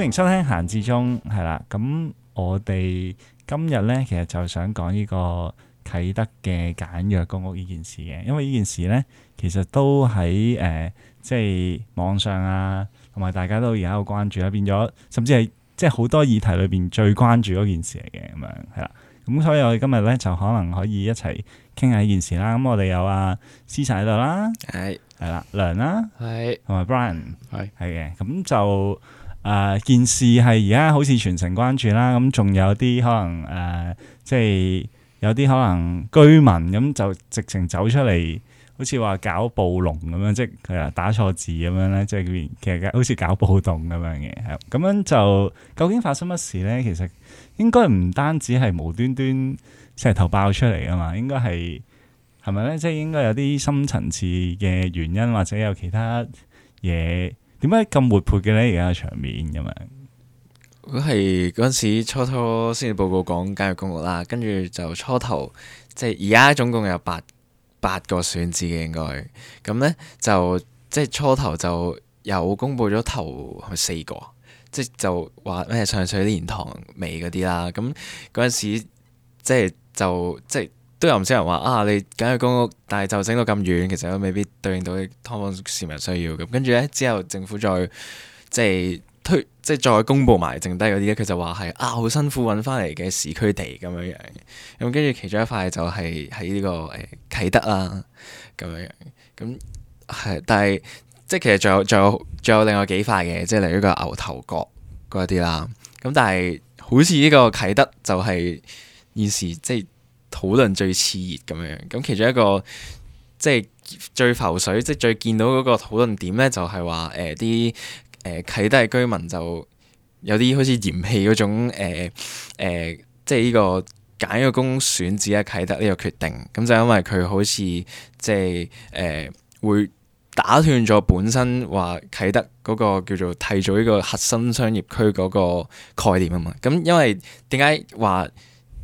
歡迎收聽閒至中，係啦。咁我哋今日咧，其實就想講呢個啟德嘅簡約公屋呢件事嘅，因為呢件事咧，其實都喺誒、呃，即係網上啊，同埋大家都而家好關注啦，變咗甚至係即係好多議題裏邊最關注嗰件事嚟嘅，咁樣係啦。咁所以我哋今日咧，就可能可以一齊傾下呢件事啦。咁我哋有阿，思晨喺度啦，係係啦，梁啦、啊，係同埋 Brian，係係嘅。咁是就。誒、啊、件事係而家好似全城關注啦，咁、嗯、仲有啲可能誒，即、啊、係、就是、有啲可能居民咁就直情走出嚟，好似話搞暴龍咁樣，即係佢話打錯字咁樣咧，即係其實好似搞暴動咁樣嘅，係咁樣，就究竟發生乜事咧？其實應該唔單止係無端端石頭爆出嚟啊嘛，應該係係咪咧？即係應該有啲深層次嘅原因，或者有其他嘢。點解咁活潑嘅呢？而家嘅場面咁樣，佢係嗰陣時初初先至報告講簡約公屋啦，跟住就初頭即係而家總共有八八個選址嘅應該，咁呢，就即係初頭就有公佈咗頭四個，即係就話咩上水蓮塘尾嗰啲啦，咁嗰陣時即係就即係。都有唔少人話啊，你揀去公屋，但係就整到咁遠，其實都未必對應到啲劏房市民需要咁。跟住呢，之後政府再即係推，即係再公布埋剩低嗰啲呢，佢就話係啊，好辛苦揾翻嚟嘅市區地咁樣樣。咁跟住其中一塊就係喺呢個誒、欸、啟德啦咁樣樣。咁、嗯、係，但係即係其實仲有仲有仲有另外幾塊嘅，即係例如個牛頭角嗰一啲啦。咁、嗯、但係好似呢個啟德就係現時即係。討論最熾熱咁樣，咁其中一個即係最浮水，即係最見到嗰個討論點呢，就係話誒，啲誒啟德嘅居民就有啲好似嫌棄嗰種誒誒、呃呃，即係呢個揀一個公選址啊，啟德呢個決定，咁就因為佢好似即係誒、呃、會打斷咗本身話啟德嗰個叫做替做呢個核心商業區嗰個概念啊嘛，咁因為點解話？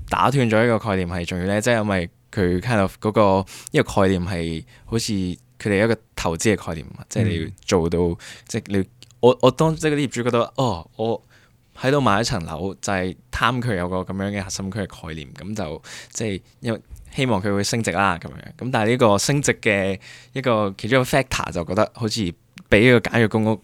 打斷咗一個概念係重要咧，即係因為佢 kind of 嗰個呢個概念係好似佢哋一個投資嘅概念、嗯、即係你要做到，即係你我我當即係嗰啲業主覺得，哦，我喺度買一層樓就係、是、貪佢有個咁樣嘅核心區嘅概念，咁就即係因為希望佢會升值啦咁樣，咁但係呢個升值嘅一個其中一個 factor 就覺得好似畀呢個簡約公屋。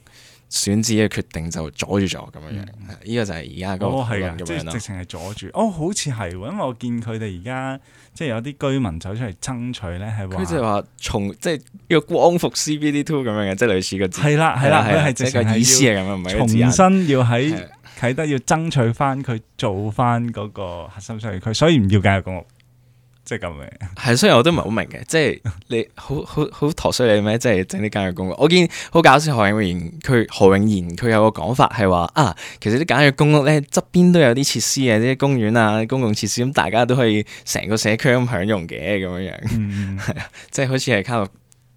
選址嘅決定就阻住咗咁樣樣，呢個就係而家嗰個，即係直情係阻住。哦，好似係，因為我見佢哋而家即係有啲居民走出嚟爭取咧，係話即係話重即係要光復 CBD Two 咁樣嘅，即係類似個字。係啦係啦，係即係意思啊，咁樣唔係重新要喺啟德要爭取翻佢做翻嗰個核心商業區，所以唔要簡約公屋。即係咁嘅，係雖然我都唔係好明嘅，即係你好好好陀衰你咩？即係整啲簡約公屋，我見好搞笑何永賢，佢何永賢佢有個講法係話啊，其實啲簡約公屋咧，側邊都有啲設施啊，啲公園啊，公共設施，咁大家都可以成個社區咁享用嘅咁樣樣，係啊，即係好似係靠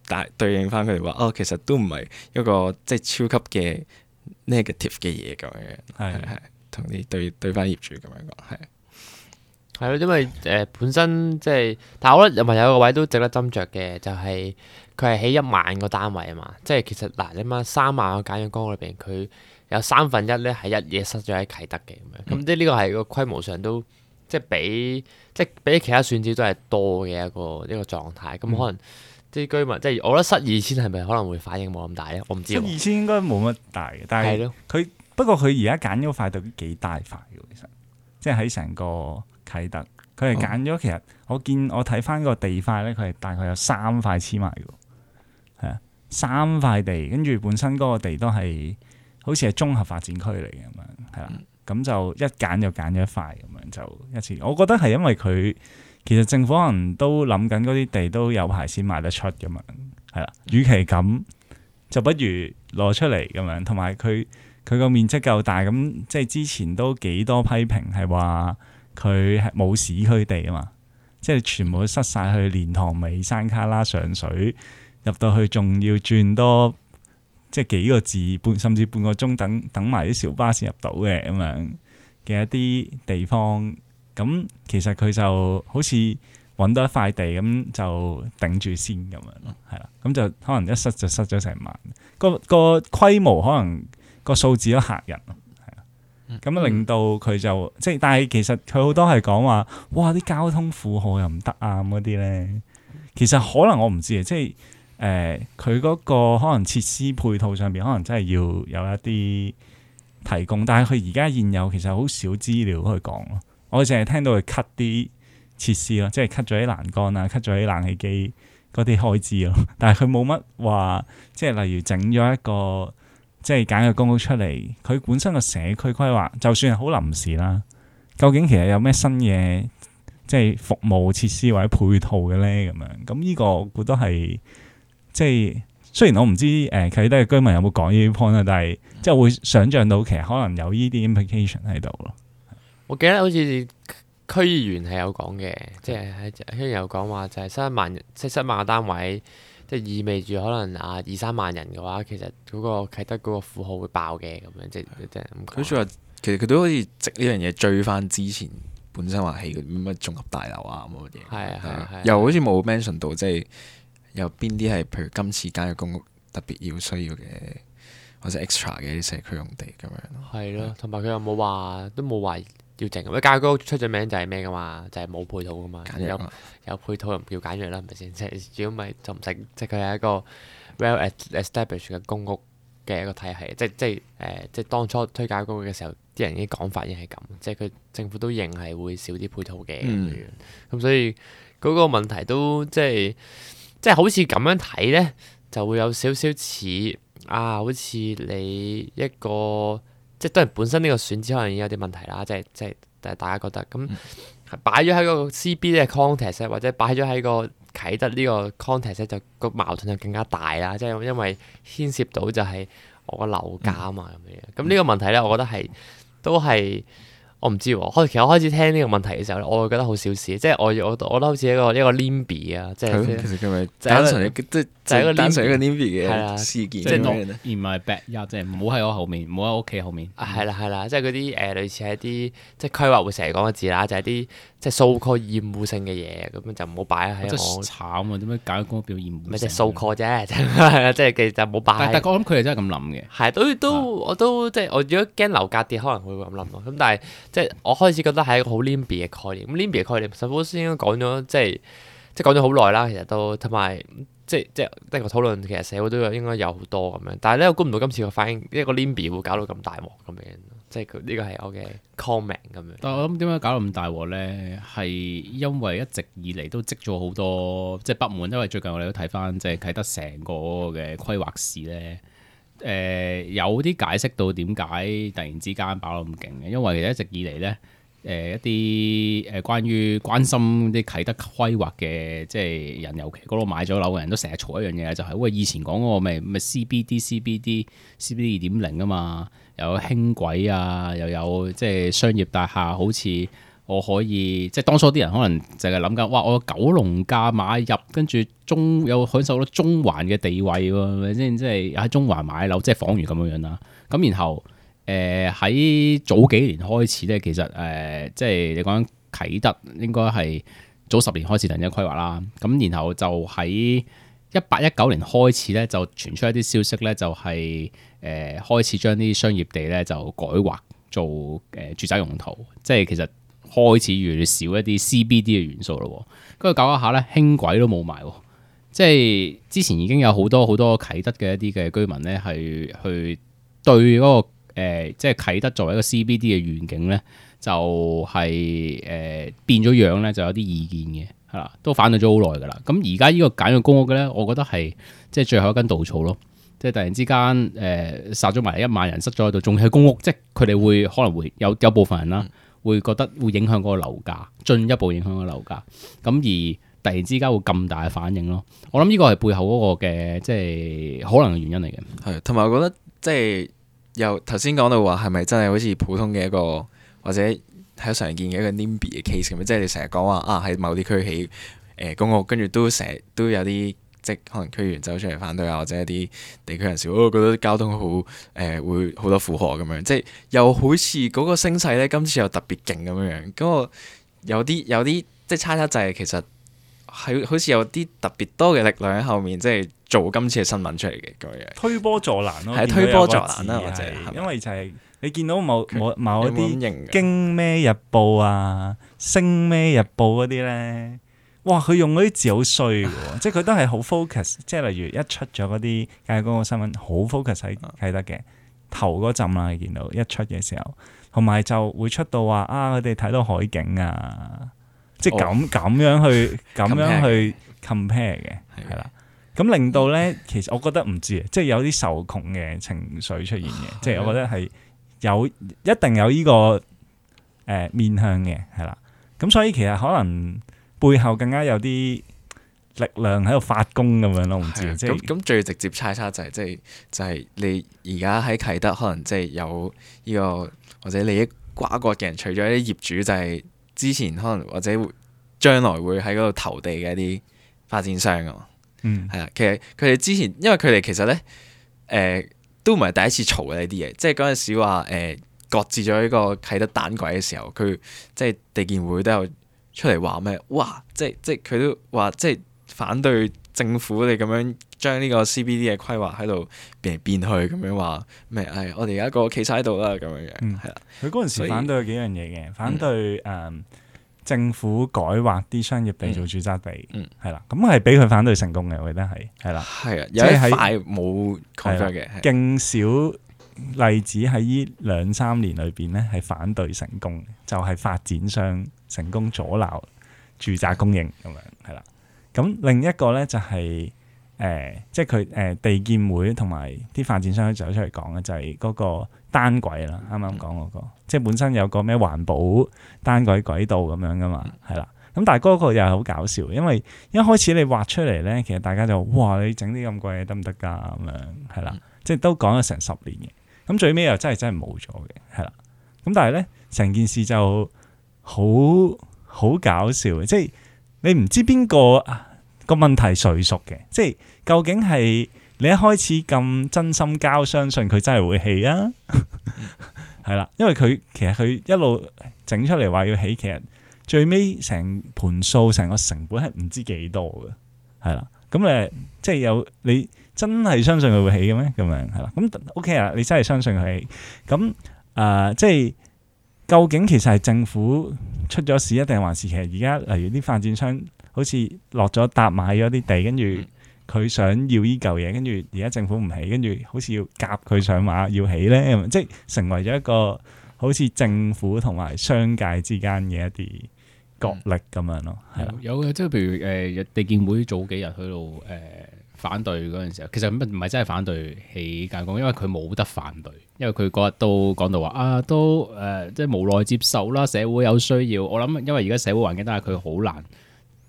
大對應翻佢哋話哦，其實都唔係一個即係超級嘅 negative 嘅嘢咁樣樣，係係同啲對對翻業主咁樣講係。對對係咯，因為誒、呃、本身即、就、係、是，但係我覺得又係有個位都值得斟酌嘅，就係佢係起一萬個單位啊嘛，即係其實嗱，你諗三萬個簡約公裏邊，佢有三分一咧係一夜失咗喺啟德嘅咁樣，咁即係呢個係個規模上都即係比即係比其他選址都係多嘅一個一個狀態，咁、嗯、可能即係居民即係我覺得失二千係咪可能會反應冇咁大咧？我唔知。失二千應該冇乜大嘅，但係佢的不過佢而家揀咗塊等於幾大塊嘅，其實即係喺成個。睇得佢係揀咗，哦、其實我見我睇翻個地塊咧，佢係大概有三塊黐埋嘅，係啊，三塊地跟住本身嗰個地都係好似係綜合發展區嚟嘅咁樣，係啦，咁就一揀就揀咗一塊咁樣，就一次。我覺得係因為佢其實政府可能都諗緊嗰啲地都有排先賣得出咁樣，係啦，與其咁就不如攞出嚟咁樣，同埋佢佢個面積夠大，咁即係之前都幾多批評係話。佢係冇市區地啊嘛，即係全部都塞晒去蓮塘尾、山卡拉、上水入到去，仲要轉多即係幾個字半，甚至半個鐘等等埋啲小巴士入到嘅咁樣嘅一啲地方。咁其實佢就好似揾到一塊地咁就頂住先咁樣咯，係啦。咁就可能一塞就塞咗成萬，個個規模可能個數字都嚇人。咁、嗯、啊，令到佢就即係，但係其實佢好多係講話，哇啲交通負荷又唔得啊嗰啲咧，其實可能我唔知嘅，即係誒佢嗰個可能設施配套上邊，可能真係要有一啲提供，但係佢而家現有其實好少資料去講咯，我淨係聽到佢 cut 啲設施咯，即係 cut 咗啲欄杆啊，cut 咗啲冷氣機嗰啲開支咯，但係佢冇乜話，即係例如整咗一個。即係揀個公屋出嚟，佢本身個社區規劃，就算係好臨時啦。究竟其實有咩新嘢，即係服務設施或者配套嘅？咧，咁樣咁呢個，我都係即係。雖然我唔知誒，啟德嘅居民有冇講呢啲 point 啊，但係即係會想象到其實可能有呢啲 implication 喺度咯。我記得好似區議員係有講嘅，即係喺有住又講話就係新一萬即係新一萬個單位。即意味住可能啊二三萬人嘅話，其實嗰個啟德嗰個富豪會爆嘅咁樣即即係咁。佢似話其實佢都好似值呢樣嘢追翻之前本身話係乜綜合大樓啊咁嘅嘢。係係係。又好似冇 mention 到即係有邊啲係譬如今次間嘅公屋特別要需要嘅或者 extra 嘅啲社區用地咁樣。係咯的，同埋佢有冇話都冇懷疑。要整啊！簡約屋出咗名就係咩噶嘛，就係、是、冇配套噶嘛？有有配套就唔叫簡約啦，係咪先？即係如果唔係，就唔使。即係佢係一個 well-established 嘅公屋嘅一個體系。即即係誒，即係、呃、當初推簡約屋嘅時候，啲人啲講法已經係咁。即係佢政府都認係會少啲配套嘅。咁、嗯、所以嗰個問題都即係即係好似咁樣睇咧，就會有少少似啊！好似你一個。即係都係本身呢個選址可能已經有啲問題啦，即係即係，但係大家覺得咁擺咗喺個 CB 嘅 context 或者擺咗喺個啟德呢個 context 就個矛盾就更加大啦，即係因為牽涉到就係我個樓價啊嘛咁嘅嘢，咁呢、嗯、個問題咧，我覺得係都係。我唔知喎、啊，其實我開始聽呢個問題嘅時候咧，我會覺得好小事，即係我我我覺得好似一個一個 NIMBY 啊，即係其實佢咪單純嘅，一個 NIMBY，即係單純嘅 NIMBY 嘅事件，啊、即係 in my backyard，即係唔好喺我後面，唔好喺我屋企後面。嗯、啊，係啦係啦，即係嗰啲誒類似係一啲即係規劃會成日講嘅字啦，就係、是、啲。即係掃過厭惡性嘅嘢，咁樣就唔好擺喺。我真係慘啊！點解搞啲歌表厭惡？咩即係掃過啫，即係其實冇擺。但我諗佢哋真係咁諗嘅。係，都都的我都即係我如果驚樓價跌，可能會咁諗咯。咁但係即係我開始覺得係一個好 NIMBY 嘅概念。咁 NIMBY 嘅概念社會先應該講咗，即係即係講咗好耐啦。其實都同埋即即係個討論，其實社會都有應該有好多咁樣。但係咧，我估唔到今次個反應一個 NIMBY 會搞到咁大鑊咁樣。即係佢呢個係我嘅 comment 咁樣。但係我諗點解搞到咁大鑊咧？係因為一直以嚟都積咗好多即係、就是、不滿，因為最近我哋都睇翻即係啟德成個嘅規劃史咧。誒、呃、有啲解釋到點解突然之間爆咁勁嘅？因為一直以嚟咧誒一啲誒關於關心啲啟德規劃嘅即係人，尤其嗰度買咗樓嘅人都成日嘈一樣嘢，就係、是、喂，以前講我咪咪 CBD、CBD、CBD 二點零啊嘛。有輕軌啊，又有即係商業大廈，好似我可以即係當初啲人可能淨係諗緊，哇！我九龍架買入，跟住中有享受到中環嘅地位喎，咪先？即係喺中環買樓，即係仿如咁樣樣啦。咁然後誒喺、呃、早幾年開始咧，其實誒、呃、即係你講啟德應該係早十年開始突然間規劃啦。咁然後就喺。一八一九年開始咧，就傳出一啲消息咧、就是，就係誒開始將啲商業地咧就改劃做誒、呃、住宅用途，即係其實開始越嚟越少一啲 CBD 嘅元素咯。跟住搞一下咧，輕軌都冇埋，即係之前已經有好多好多啟德嘅一啲嘅居民咧，係去對嗰、那個、呃、即係啟德作為一個 CBD 嘅願景咧，就係、是、誒、呃、變咗樣咧，就有啲意見嘅。都反對咗好耐噶啦。咁而家呢個簡約公屋嘅咧，我覺得係即係最後一根稻草咯。即係突然之間，誒、呃、殺咗埋一萬人，塞咗喺度，仲係公屋，即係佢哋會可能會有有部分人啦，會覺得會影響嗰個樓價，進一步影響個樓價。咁而突然之間會咁大嘅反應咯。我諗呢個係背後嗰個嘅即係可能嘅原因嚟嘅。係，同埋我覺得即係由頭先講到話，係咪真係好似普通嘅一個或者？係好常見嘅一個 NIMBY 嘅 case 咁樣，即係你成日講話啊喺某啲區起誒、呃、公屋，跟住都成日都有啲即係可能區員走出嚟反對啊，或者一啲地區人士，哦，我覺得交通好誒、呃、會好多負荷咁樣，即係又好似嗰個聲勢咧，今次又特別勁咁樣。咁我有啲有啲即係猜測就係其實好似有啲特別多嘅力量喺後面，即係做今次嘅新聞出嚟嘅咁樣。推波助瀾咯，係推波助瀾啦，或者因為就係、是。是你見到某某某啲經咩日報啊、星咩日報嗰啲咧，哇！佢用嗰啲字好衰嘅，即係佢都係好 focus。即係例如一出咗嗰啲簡公嘅新聞，好 focus 喺得嘅頭嗰陣啊，你見到一出嘅時候，同埋就會出到話啊，佢哋睇到海景啊，即係咁咁樣去咁樣去 compare 嘅，係啦。咁令到咧，其實我覺得唔知，即係有啲受窮嘅情緒出現嘅，即係我覺得係。有一定有呢、這個誒、呃、面向嘅，係啦。咁所以其實可能背後更加有啲力量喺度發功咁樣咯，唔知。咁咁的是最直接猜測就係、是，即係就係、是、你而家喺啟德可能即係有呢、這個或者利益瓜葛嘅人，除咗一啲業主，就係、是、之前可能或者將來會喺嗰度投地嘅一啲發展商啊。嗯，係啊。其實佢哋之前因為佢哋其實咧誒。呃都唔係第一次嘈嘅呢啲嘢，即係嗰陣時話誒，擱、呃、置咗呢個啟德單軌嘅時候，佢即係地建會都有出嚟話咩？哇！即係即係佢都話即係反對政府你咁樣將呢個 CBD 嘅規劃喺度變嚟變去咁樣話咩？誒、哎，我哋而家個企晒喺度啦咁樣嘅，係啦、嗯。佢嗰陣時反對有幾樣嘢嘅，嗯、反對誒。Um, 政府改劃啲商業地做住宅地，係啦、嗯，咁係俾佢反對成功嘅，我覺得係，係啦，係啊，即係冇嘅，更少例子喺呢兩三年裏邊咧，係反對成功，就係、是、發展商成功阻撓住宅供應咁樣，係啦。咁、嗯嗯、另一個咧就係、是、誒，即係佢誒地建會同埋啲發展商走出嚟講嘅，就係、是、嗰個單軌啦，啱啱講嗰個。嗯嗯即係本身有個咩環保單軌軌道咁樣噶嘛，係啦。咁但係嗰個又係好搞笑，因為一開始你畫出嚟咧，其實大家就哇，你整啲咁貴，得唔得噶咁樣，係啦。即係都講咗成十年嘅，咁最尾又真係真係冇咗嘅，係啦。咁但係咧，成件事就好好搞笑嘅，即係你唔知邊個個問題誰屬嘅，即係究竟係你一開始咁真心交，相信佢真係會起啊？係啦，因為佢其實佢一路整出嚟話要起，其實最尾成盤數成個成本係唔知幾多嘅，係啦。咁誒，即、就、係、是、有你真係相信佢會起嘅咩？咁樣係啦。咁 O K 啊，你真係相信佢起，、OK、起？咁誒、呃，即係究竟其實係政府出咗事，一定還是其實而家例如啲發展商好似落咗搭買咗啲地，跟住。佢想要依嚿嘢，跟住而家政府唔起，跟住好似要夾佢上馬要起咧，即係成為咗一個好似政府同埋商界之間嘅一啲角力咁樣咯，係啦、嗯吧嗯。有嘅，即係譬如誒、呃、地建會早幾日去到誒、呃、反對嗰陣時候，其實唔係真係反對起解工，因為佢冇得反對，因為佢嗰日都講到話啊，都誒、呃、即係無奈接受啦，社會有需要，我諗因為而家社會環境都係佢好難。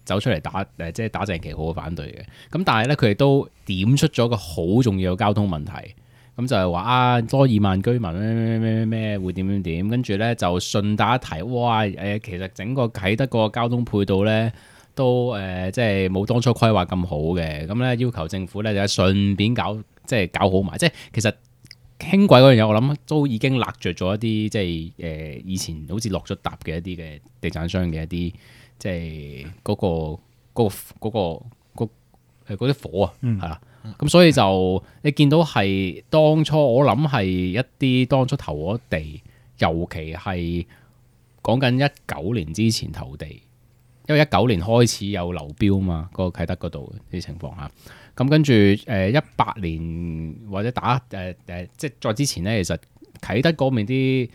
走出嚟打誒，即、呃、係、呃、打正旗號反對嘅。咁但係咧，佢哋都點出咗個好重要嘅交通問題。咁就係、是、話啊，多二萬居民咩咩咩咩會點點點。跟住咧就順帶一提，哇誒、呃，其實整個啟德個交通配套咧，都誒、呃、即係冇當初規劃咁好嘅。咁、嗯、咧要求政府咧就順便搞即係搞好埋。即係其實輕軌嗰樣嘢，我諗都已經勒着咗一啲即係誒、呃、以前好似落咗答嘅一啲嘅地產商嘅一啲。即係嗰、那個嗰、那個嗰啲、那個那個那個、火啊，係啦、嗯。咁所以就你見到係當初我諗係一啲當初投咗地，尤其係講緊一九年之前投地，因為一九年開始有流標啊嘛，嗰、那個啟德嗰度啲情況嚇。咁、啊、跟住誒一八年或者打誒誒、呃呃，即係再之前咧，其實啟德嗰面啲。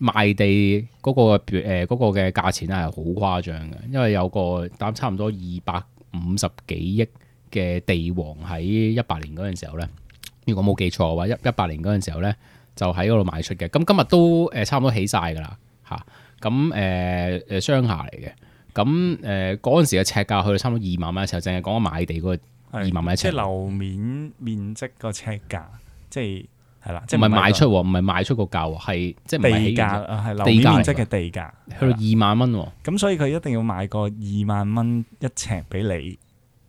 賣地嗰個誒嗰個嘅價錢係好誇張嘅，因為有個攤差唔多二百五十幾億嘅地王喺一八年嗰陣時候咧，如果冇記錯嘅話，一一八年嗰陣時候咧就喺嗰度賣出嘅。咁今日都誒差唔多起晒㗎啦嚇。咁誒誒商廈嚟嘅。咁誒嗰陣時嘅尺價去到差唔多二萬蚊嘅時候，淨係講買地嗰二萬蚊尺。即係樓面面積嗰個尺價，即係。係啦，即係唔係賣出，唔係賣出個價，係即係地價，係樓面面積嘅地價，地價了去到二萬蚊。咁所以佢一定要賣個二萬蚊一尺俾你，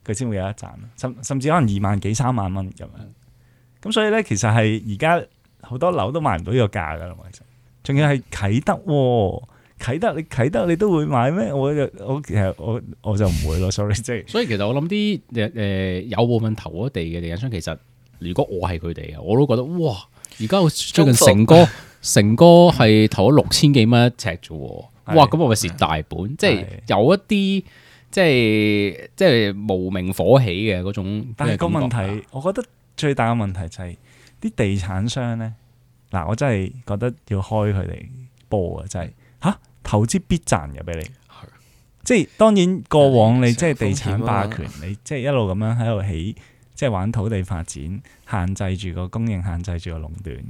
佢先會有得賺。甚甚至可能二萬幾三萬蚊咁樣。咁對所以咧，其實係而家好多樓都賣唔到呢個價噶啦，其實。仲要係啟德，啟德，啟德你啟德你都會買咩？我我其實我我就唔會咯，sorry 即係。 所以其實我諗啲誒有部分投咗地嘅地產商其實。如果我係佢哋啊，我都覺得哇！而家最近成哥超福 成哥係投咗六千幾蚊一尺啫，的哇！咁我咪蝕大本，即係的有一啲即係即係無名火起嘅嗰種。但係個問題，嗯、我覺得最大嘅問題就係、是、啲地產商咧，嗱，我真係覺得要開佢哋波啊！真係嚇投資必賺嘅俾你，的即係當然過往你即係地產霸權，你即係一路咁樣喺度起。即係玩土地發展，限制住個供應，限制住個壟斷，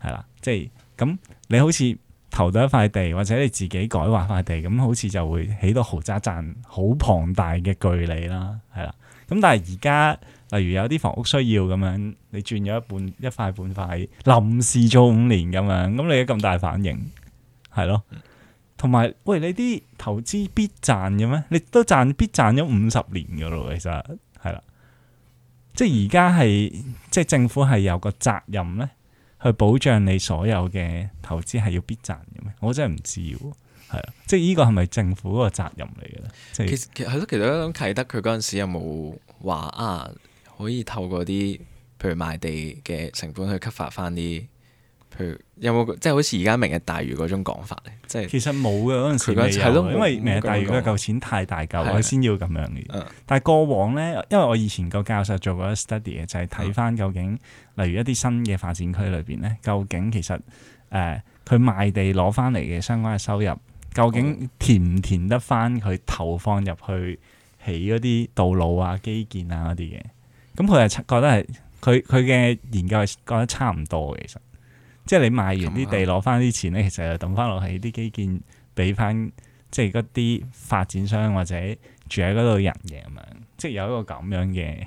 係啦。即係咁，你好似投到一塊地，或者你自己改劃塊地，咁好似就會起到豪宅賺好龐大嘅巨利啦，係啦。咁但係而家，例如有啲房屋需要咁樣，你轉咗一半一塊半塊，臨時做五年咁樣，咁你有咁大反應係咯？同埋，喂，你啲投資必賺嘅咩？你都賺必賺咗五十年噶咯，其實。即係而家係，即係政府係有個責任咧，去保障你所有嘅投資係要必賺嘅咩？我真係唔知喎。係啊，即係呢個係咪政府嗰個責任嚟嘅咧？其實其實係咯，其實我諗啟德佢嗰陣時有冇話啊，可以透過啲譬如賣地嘅成本去激發翻啲。有冇即係好似而家明日大嶼嗰種講法咧？即係其實冇嘅嗰陣時未有，係咯，因為明日沒大嶼嘅嚿錢太大嚿，佢先的要咁樣嘅。嗯、但係過往咧，因為我以前個教授做過一 study 嘅，就係睇翻，究竟，的例如一啲新嘅發展區裏邊咧，究竟其實誒，佢、呃、賣地攞翻嚟嘅相關嘅收入，究竟填唔填得翻佢投放入去起嗰啲道路啊、基建啊嗰啲嘅？咁佢係覺得係佢，佢嘅研究係覺得差唔多嘅，其實。即係你賣完啲地攞翻啲錢咧，其實就抌翻落去啲基建，俾翻即係嗰啲發展商或者住喺嗰度人嘅咁樣，即係有一個咁樣嘅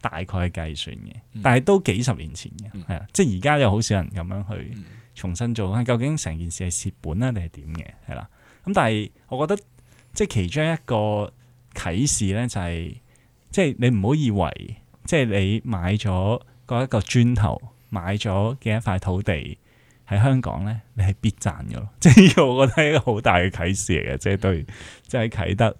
大概計算嘅。但係都幾十年前嘅，係啊、嗯。即係而家又好少人咁樣去重新做翻，究竟成件事係蝕本啊定係點嘅？係啦。咁但係我覺得，即係其中一個啟示咧，就係、是、即係你唔好以為，即係你買咗一個磚頭。買咗嘅一塊土地喺香港咧，你係必賺嘅咯。即 係我覺得係一個好大嘅啟示嚟嘅，即、就、係、是、對，即係啟德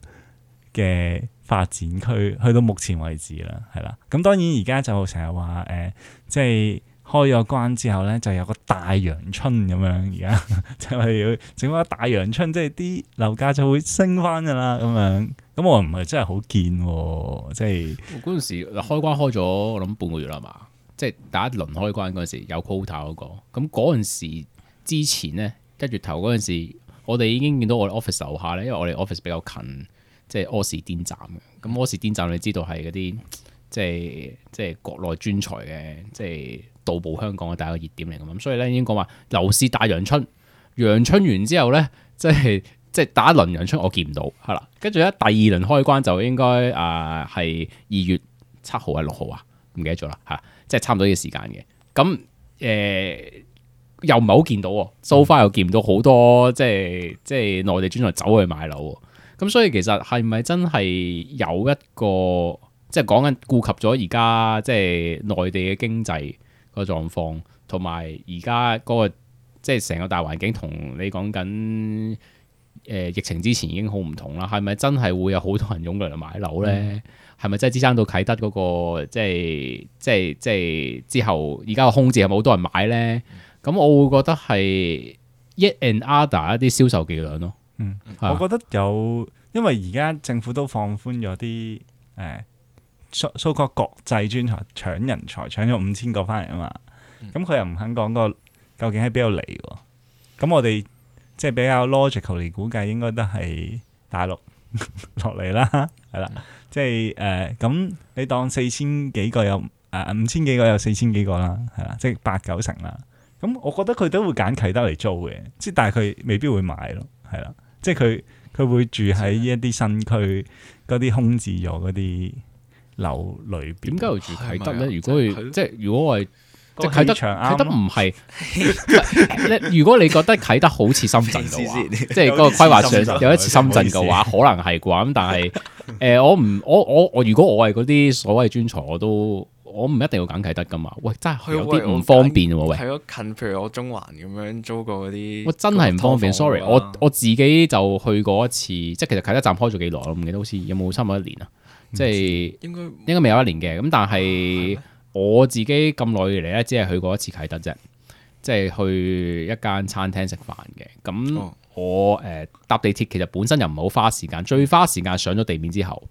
嘅發展區，去到目前為止啦，係啦。咁當然而家就成日話誒，即係開咗關之後咧，就有個大陽春咁樣。而家就係要整翻大陽春，即係啲樓價就會升翻噶啦。咁樣咁我唔係真係好見，即係嗰陣時開關開咗，我諗半個月啦嘛。即係打一輪開關嗰時有 quota 嗰個，咁嗰陣時之前呢，一月頭嗰陣時，我哋已經見到我哋 office 樓下呢，因為我哋 office 比較近，即係柯士甸站嘅。咁柯士甸站你知道係嗰啲，即係即係國內專才嘅，即係到埗香港嘅第一個熱點嚟咁。所以呢，已經講話樓市大陽春，陽春完之後呢，即係即係打一輪陽春，我見唔到係啦。跟住咧第二輪開關就應該啊係二月七號啊六號啊，唔記得咗啦吓。即係差唔多呢個時間嘅，咁誒、呃、又唔係好見到，so far、嗯、又見唔到好多，即係即係內地專才走去買樓，咁所以其實係咪真係有一個即係講緊顧及咗而家即係內地嘅經濟個狀況，同埋而家嗰個即係成個大環境同你講緊誒疫情之前已經好唔同啦，係咪真係會有好多人湧過嚟買樓咧？嗯係咪真係支撐到啟德嗰、那個，即係即係即係之後，而家個空置有冇好多人買咧？咁、嗯、我會覺得係 yet another 一啲銷售伎倆咯。嗯，啊、我覺得有，因為而家政府都放寬咗啲誒，蘇、呃、蘇國國際專才搶人才，搶咗五千個翻嚟啊嘛。咁佢、嗯、又唔肯講個究竟喺邊度嚟，咁我哋即係比較 logical 嚟估計，應該都係大陸落嚟啦，係啦。嗯即係誒，咁、呃、你當四千幾個有誒、呃、五千幾個有四千幾個啦，係啦，即係八九成啦。咁、嗯、我覺得佢都會揀啟德嚟租嘅，即係但係佢未必會買咯，係啦。即係佢佢會住喺一啲新區嗰啲空置咗嗰啲樓裏邊。點解會住啟德咧？係咪啊、如果係係嘅即係如果我係。即係啟德，啟德唔係。 如果你覺得啟德好似深圳嘅話，即係嗰個規劃上有一次深圳嘅話，可能係啩。咁但係，誒，我唔倒是、呃，我我我，如果我係嗰啲所謂專才，我都，我唔一定要揀啟德噶嘛。喂，真係有啲唔方便喎、啊。喂，喺咗近，譬如我中環咁樣租過嗰啲，我真係唔方便。Sorry，我我自己就去過一次，即係其實啟德站開咗幾耐，我唔記得好似有冇差唔多一年啊。即係應該該應該未有，有一年嘅，咁但係該。但我自己咁耐以嚟咧，只係去過一次啟德啫，即係去一間餐廳食飯嘅。咁我誒搭地鐵其實本身又唔係好花時間，最花時間上咗地面之後，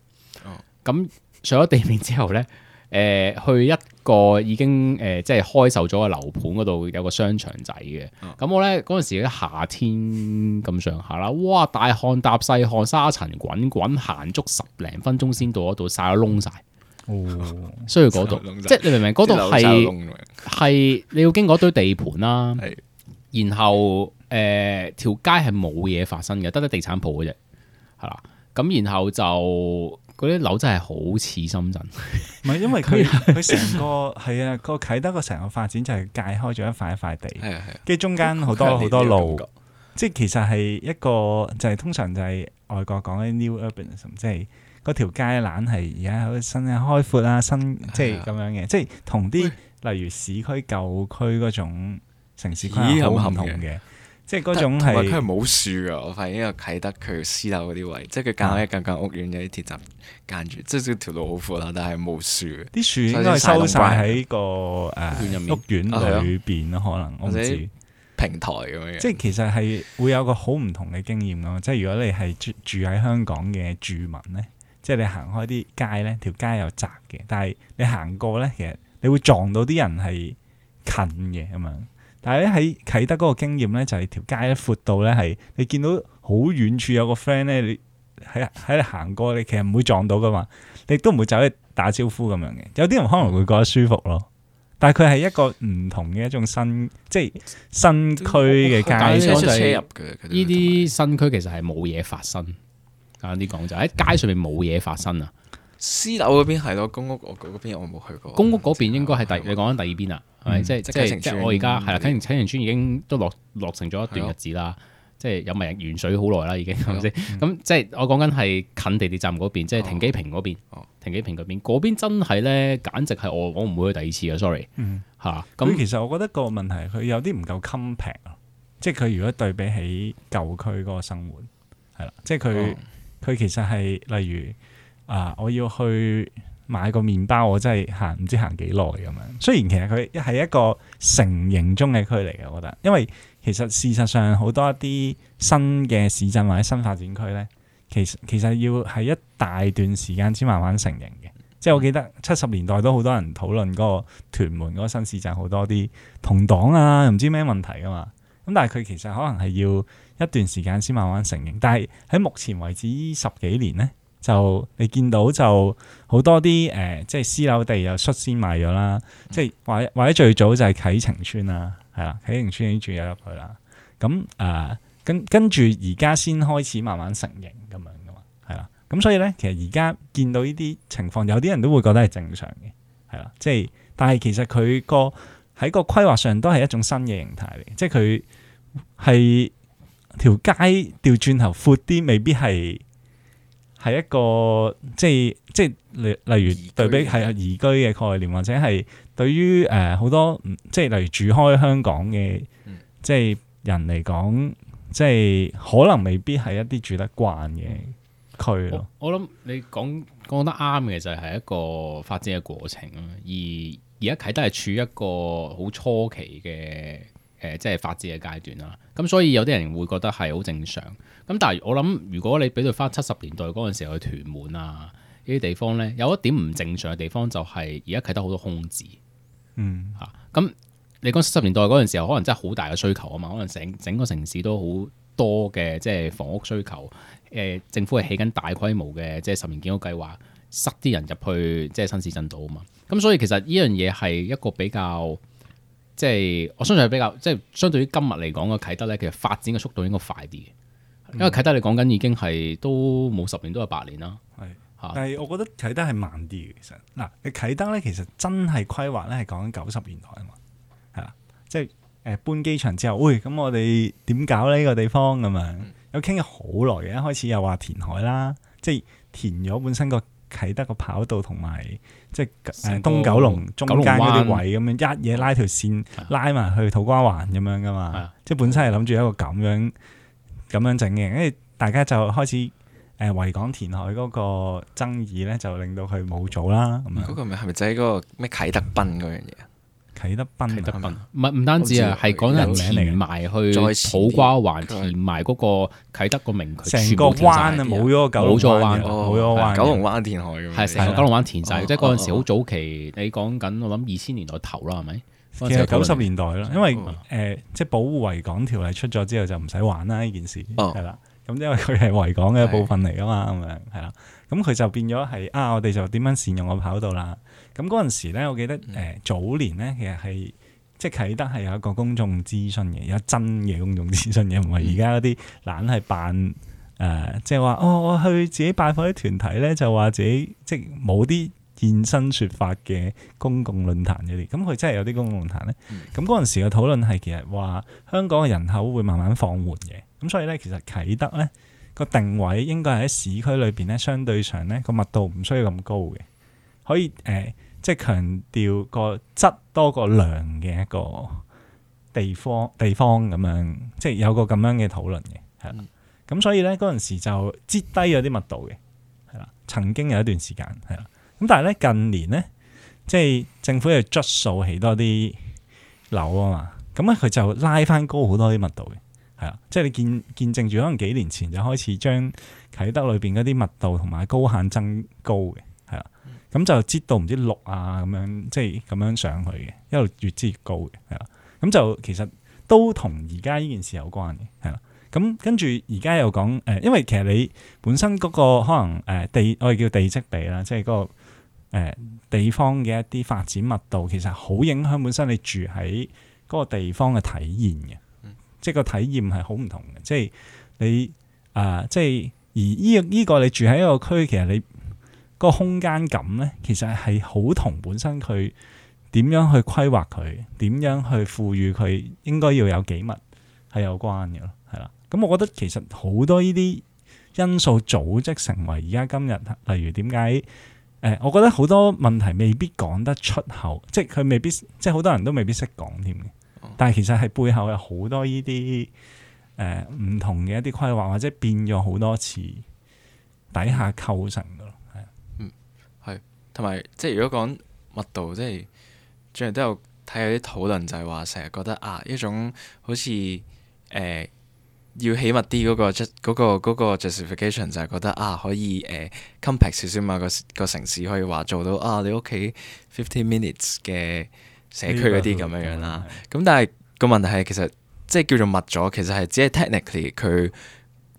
咁、哦嗯、上咗地面之後咧，誒、呃、去一個已經誒、呃、即係開售咗嘅樓盤嗰度有個商場仔嘅。咁、哦、我咧嗰陣時夏天咁上下啦，哇大汗搭細汗，沙塵滾滾，滾滾行足十零分鐘先到嗰度晒到窿晒。哦，需要嗰度，即係你明唔明？嗰度係係你要經過堆地盤啦是、呃，然後誒條街係冇嘢發生嘅，得得地產鋪嘅啫，係啦。咁然後就嗰啲樓真係好似深圳，唔係 因為佢佢成個係啊個啟德個成個發展就係界開咗一塊一塊地，係係跟住中間好多好多路，即係其實係一個就係、是、通常就係外國講緊 new urbanism，即係。就是嗰條街攬係而家好新啊，開闊啊，新即係咁樣嘅，即係同啲例如市區舊區嗰種城市規劃好唔同嘅，即係嗰種係佢係冇樹啊！我發現我睇啟德佢私樓嗰啲位，即係佢間一間間屋苑有啲鐵閘間住，即係條路好闊啦，但係冇樹。啲樹應該係收晒喺個屋苑裏邊咯，可能或者平台咁樣。即係其實係會有個好唔同嘅經驗咯。即係如果你係住住喺香港嘅住民咧。即係你行開啲街咧，條街又窄嘅，但係你行過咧，其實你會撞到啲人係近嘅咁樣。但係咧喺啟德嗰個經驗咧，就係、是、條街咧闊度咧係你見到好遠處有個 friend 咧，你喺喺度行過，你其實唔會撞到噶嘛，你都唔會走去打招呼咁樣嘅。有啲人可能會覺得舒服咯，但係佢係一個唔同嘅一種新即係新區嘅街入係，呢啲新區其實係冇嘢發生。講啲講就喺街上面冇嘢發生啊！私樓嗰邊係咯，公屋我嗰邊我冇去過。公屋嗰邊應該係第你講緊第二邊啊？係咪？即係即係即係我而家係啦。啟晴邨已經都落落成咗一段日子啦，即係有埋元水好耐啦，已經係咪先？咁即係我講緊係近地鐵站嗰邊，即係停機坪嗰邊。停機坪嗰邊嗰邊真係咧，簡直係我我唔會去第二次嘅。Sorry，嚇咁其實我覺得個問題佢有啲唔夠 compact 啊，即係佢如果對比起舊區嗰個生活係啦，即係佢。佢其實係例如啊，我要去買個麵包，我真係行唔知行幾耐咁樣。雖然其實佢係一個成形中嘅區嚟嘅，我覺得。因為其實事實上好多一啲新嘅市鎮或者新發展區咧，其實其實要係一大段時間先慢慢成形嘅。即係我記得七十年代都好多人討論嗰個屯門嗰個新市鎮好多啲同黨啊，唔知咩問題㗎嘛。咁但係佢其實可能係要，一段時間先慢慢成型，但係喺目前為止十幾年咧，就你見到就好多啲誒、呃，即係私樓地又率先賣咗啦，即係或者或者最早就係啟晴邨啦，係啦，啟晴邨已經住咗入去啦。咁、嗯、誒、呃，跟跟住而家先開始慢慢成型咁樣噶嘛，係啦。咁、嗯、所以咧，其實而家見到呢啲情況，有啲人都會覺得係正常嘅，係啦。即係，但係其實佢個喺個規劃上都係一種新嘅形態嚟，即係佢係。條街調轉頭闊啲，未必係係一個即係即係例例如，例如對比係宜居嘅概念，或者係對於誒好、呃、多即係例如住開香港嘅即係人嚟講，即係可能未必係一啲住得慣嘅區咯、嗯。我諗你講講得啱嘅就係一個發展嘅過程，而而家啟德係處一個好初期嘅。誒，即係發展嘅階段啦，咁所以有啲人會覺得係好正常。咁但係我諗，如果你比佢翻七十年代嗰陣時候去屯門啊，呢啲地方呢，有一點唔正常嘅地方就係而家啟德好多空置。嗯，嚇、啊，咁你講七十年代嗰陣時候，可能真係好大嘅需求啊嘛，可能成整個城市都好多嘅即係房屋需求。呃、政府係起緊大規模嘅即係十年建屋計劃，塞啲人入去即係新市鎮度啊嘛。咁所以其實呢樣嘢係一個比較。即係我相信係比較，即係相對於今日嚟講嘅啟德咧，其實發展嘅速度應該快啲嘅。因為啟德你講緊已經係都冇十年，都有八年啦。係的，啊、但係我覺得啟德係慢啲嘅。其實嗱，你啟德咧其實真係規劃咧係講緊九十年代啊嘛，係啊，即係誒搬機場之後，喂，咁我哋點搞呢個地方咁樣？嗯、有傾咗好耐嘅，一開始又話填海啦，即係填咗本身個。啟德個跑道同埋即係東九龍中間嗰啲位，咁樣一嘢拉條線拉埋去土瓜灣咁樣噶嘛，的即係本身係諗住一個咁樣咁樣整嘅，因為大家就開始誒維港填海嗰個爭議咧，就令到佢冇做啦咁樣。嗰個名係咪就係嗰個咩啟德濱嗰樣嘢？啟德濱，啟德濱，唔係唔單止啊，係講人填埋去土瓜灣，填埋嗰個啟德個名，成個灣啊，冇咗個九龍灣，冇咗灣，冇咗灣，九龍灣填海，係，係九龍灣填曬，即係嗰陣時好早期，你講緊我諗二千年代頭啦，係咪？其實九十年代啦，因為誒，即係保護維港條例出咗之後就唔使玩啦呢件事，係啦，咁因為佢係維港嘅一部分嚟㗎嘛，咁樣係啦，咁佢就變咗係啊，我哋就點樣善用我跑道啦。咁嗰陣時咧，我記得誒、呃、早年咧，其實係即係啟德係有一個公眾諮詢嘅，有真嘅公眾諮詢嘅，唔係而家嗰啲懶係扮誒，即係話哦，我去自己拜訪啲團體咧，就話自己即係冇啲現身說法嘅公共論壇嗰啲。咁佢真係有啲公共論壇咧。咁嗰陣時嘅討論係其實話香港嘅人口會慢慢放緩嘅。咁所以咧，其實啟德咧個定位應該係喺市區裏邊咧，相對上咧個密度唔需要咁高嘅，可以誒。呃即係強調個質多過量嘅一個地方地方，咁樣，即係有個咁樣嘅討論嘅，係啦。咁、嗯、所以咧嗰陣時就擠低咗啲密度嘅，係啦的。曾經有一段時間，係啦，咁但係咧近年咧，即係政府係抓數起多啲樓啊嘛，咁咧佢就拉翻高好多啲密度嘅，係啦。即係你見見證住，可能幾年前就開始將啟德裏邊嗰啲密度同埋高限增高嘅。係啦，咁就跌到唔知六啊咁樣，即係咁樣上去嘅，一路越跌越高嘅，係啦，咁就其實都同而家呢件事有關嘅，係啦，咁跟住而家又講，誒，因為其實你本身嗰個可能誒地，我哋叫地積比啦，即係嗰個誒地方嘅一啲發展密度，其實好影響本身你住喺嗰個地方嘅體驗嘅，嗯，即係個體驗係好唔同嘅，即係你啊，即係而呢呢個你住喺一個區，其實你。個空間感咧，其實係好同本身佢點樣去規劃佢，點樣去賦予佢應該要有幾密係有關嘅咯，係啦。咁、嗯、我覺得其實好多呢啲因素組織成為而家今日，例如點解，誒、呃，我覺得好多問題未必講得出口，即係佢未必，即係好多人都未必識講添。但係其實係背後有好多呢啲誒唔同嘅一啲規劃，或者變咗好多次底下構成。同埋，即係如果講密度，即係最近都有睇有啲討論，就係話成日覺得啊，一種好似誒、呃、要起密啲嗰、嗰個 just 嗰、嗯嗰個嗰、嗰個嗰個 justification 就係覺得啊，可以誒、呃、compact 少少嘛個、嗰個城市可以話做到啊，你屋企 fifty minutes 嘅社區嗰啲咁樣樣啦。咁但係個問題係其實即係叫做密咗，其實係只係 technically 佢。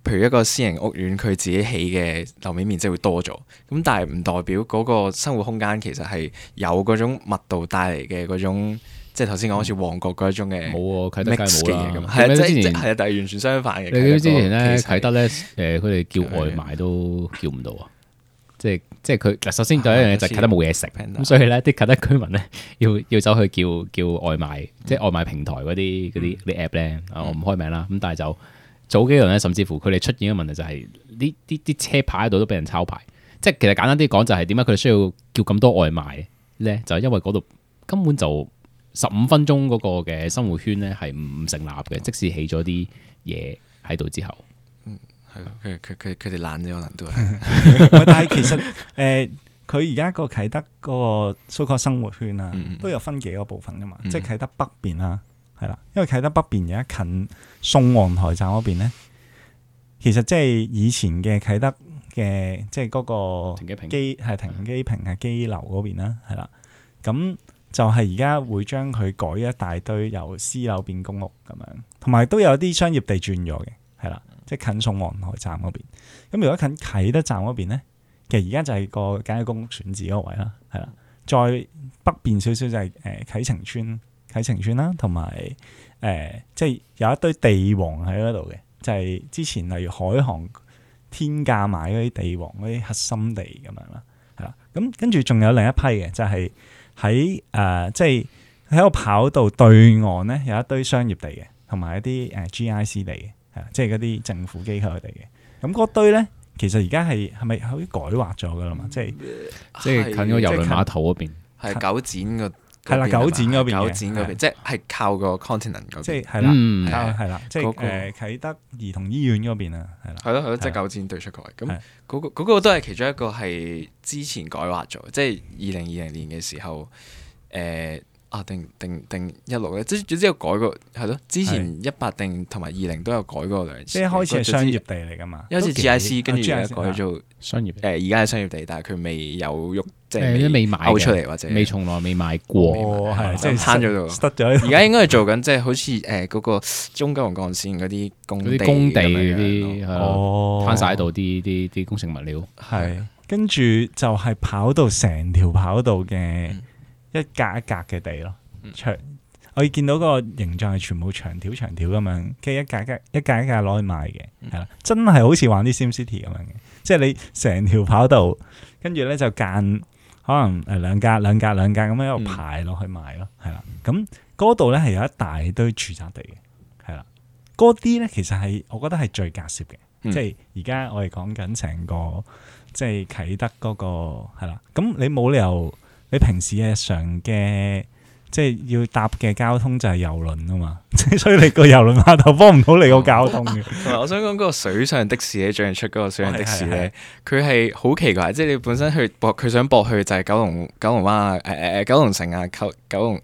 譬如一個私人屋苑，佢自己起嘅樓面面積會多咗，咁但係唔代表嗰個生活空間其實係有嗰種密度帶嚟嘅嗰種，即係頭先講好似旺角嗰一種嘅。冇喎，啟德梗係冇啦。係啊，樣即係但係完全相反嘅。你之前咧，啟德咧，誒，佢哋叫外賣都叫唔到啊！對即係即係佢，首先第一樣嘢就啟德冇嘢食，啊、所以咧啲啟德居民咧要要走去叫叫外賣，嗯、即係外賣平台嗰啲嗰啲啲 app 咧、嗯啊，我唔開名啦，咁但係就。早幾輪咧，甚至乎佢哋出現嘅問題就係呢啲啲車牌喺度都俾人抄牌，即係其實簡單啲講就係點解佢哋需要叫咁多外賣咧？就係因為嗰度根本就十五分鐘嗰個嘅生活圈咧係唔成立嘅，即使起咗啲嘢喺度之後，係佢佢哋懶咗可能都係。但係其實誒，佢而家個啟德嗰個蘇格生活圈啊，嗯嗯都有分幾個部分噶嘛，嗯、即係啟德北邊啊。係啦，因為啟德北邊而家近宋皇台站嗰邊咧，其實即係以前嘅啟德嘅，即係嗰個停機係的停機坪嘅機樓嗰邊啦，係啦，咁就係而家會將佢改一大堆由私樓變公屋咁樣，同埋都有啲商業地轉咗嘅，係啦，即、就、係、是、近宋皇台站嗰邊。咁如果近啟德站嗰邊咧，其實而家就係個簡約公屋選址嗰個位啦，係啦，再北邊少少就係誒啟晴邨。呃啟晴邨啦，同埋誒，即係有一堆地王喺嗰度嘅，就係、是、之前例如海航天價買嗰啲地王嗰啲核心地咁樣啦，係啦。咁跟住仲有另一批嘅，就係喺誒，即係喺個跑道對岸咧，有一堆商業地嘅，同埋一啲誒 GIC 地嘅，係即係嗰啲政府機構地嘅。咁嗰堆咧，其實而家係係咪可以改劃咗噶啦嘛？即係即係近咗郵輪碼頭嗰邊，係九展係啦，九展嗰邊，九展嗰邊即係靠個 continent 嗰邊，即係啦，嗯，係啦，即係誒啟德兒童醫院嗰邊啊，係啦，係咯，係咯，即係九展對出佢，咁嗰個嗰個都係其中一個，係之前改劃咗，即係二零二零年嘅時候，誒。啊！定定定一六咧，之之之有改過係咯，之前一百定同埋二零都有改過兩次。即係一開始係商業地嚟噶嘛？一開始 GIC 跟住改做商業。誒，而家係商業地，但係佢未有喐，即係未買 o 出嚟，或者未從來未買過。即係攤咗度。而家應該係做緊，即係好似誒嗰個中九龍幹線嗰啲工地嗰啲工地攤晒喺度啲啲啲工程物料。係跟住就係跑道成條跑道嘅。一格一格嘅地咯，長可以、嗯、見到嗰個形狀係全部長條長條咁樣，跟一格一一格一格攞去賣嘅，係啦，真係好似玩啲 SimCity 咁樣嘅，即係你成條跑道，跟住咧就間可能誒兩、呃、格兩格兩格咁樣排落去賣咯，係啦、嗯，咁嗰度咧係有一大堆住宅地嘅，係啦，嗰啲咧其實係我覺得係最隔涉嘅，即係而家我哋講緊成個即係啟德嗰個係啦，咁你冇理由。你平時日常嘅即係要搭嘅交通就係郵輪啊嘛，即 所以你個郵輪碼頭幫唔到你個交通嘅。 我想講嗰個水上的士咧，最近 出嗰個水上的士咧，佢係好奇怪，即係你本身去駁，佢想駁去就係九龍、九龍灣啊、誒、呃、誒九龍城啊、九九龍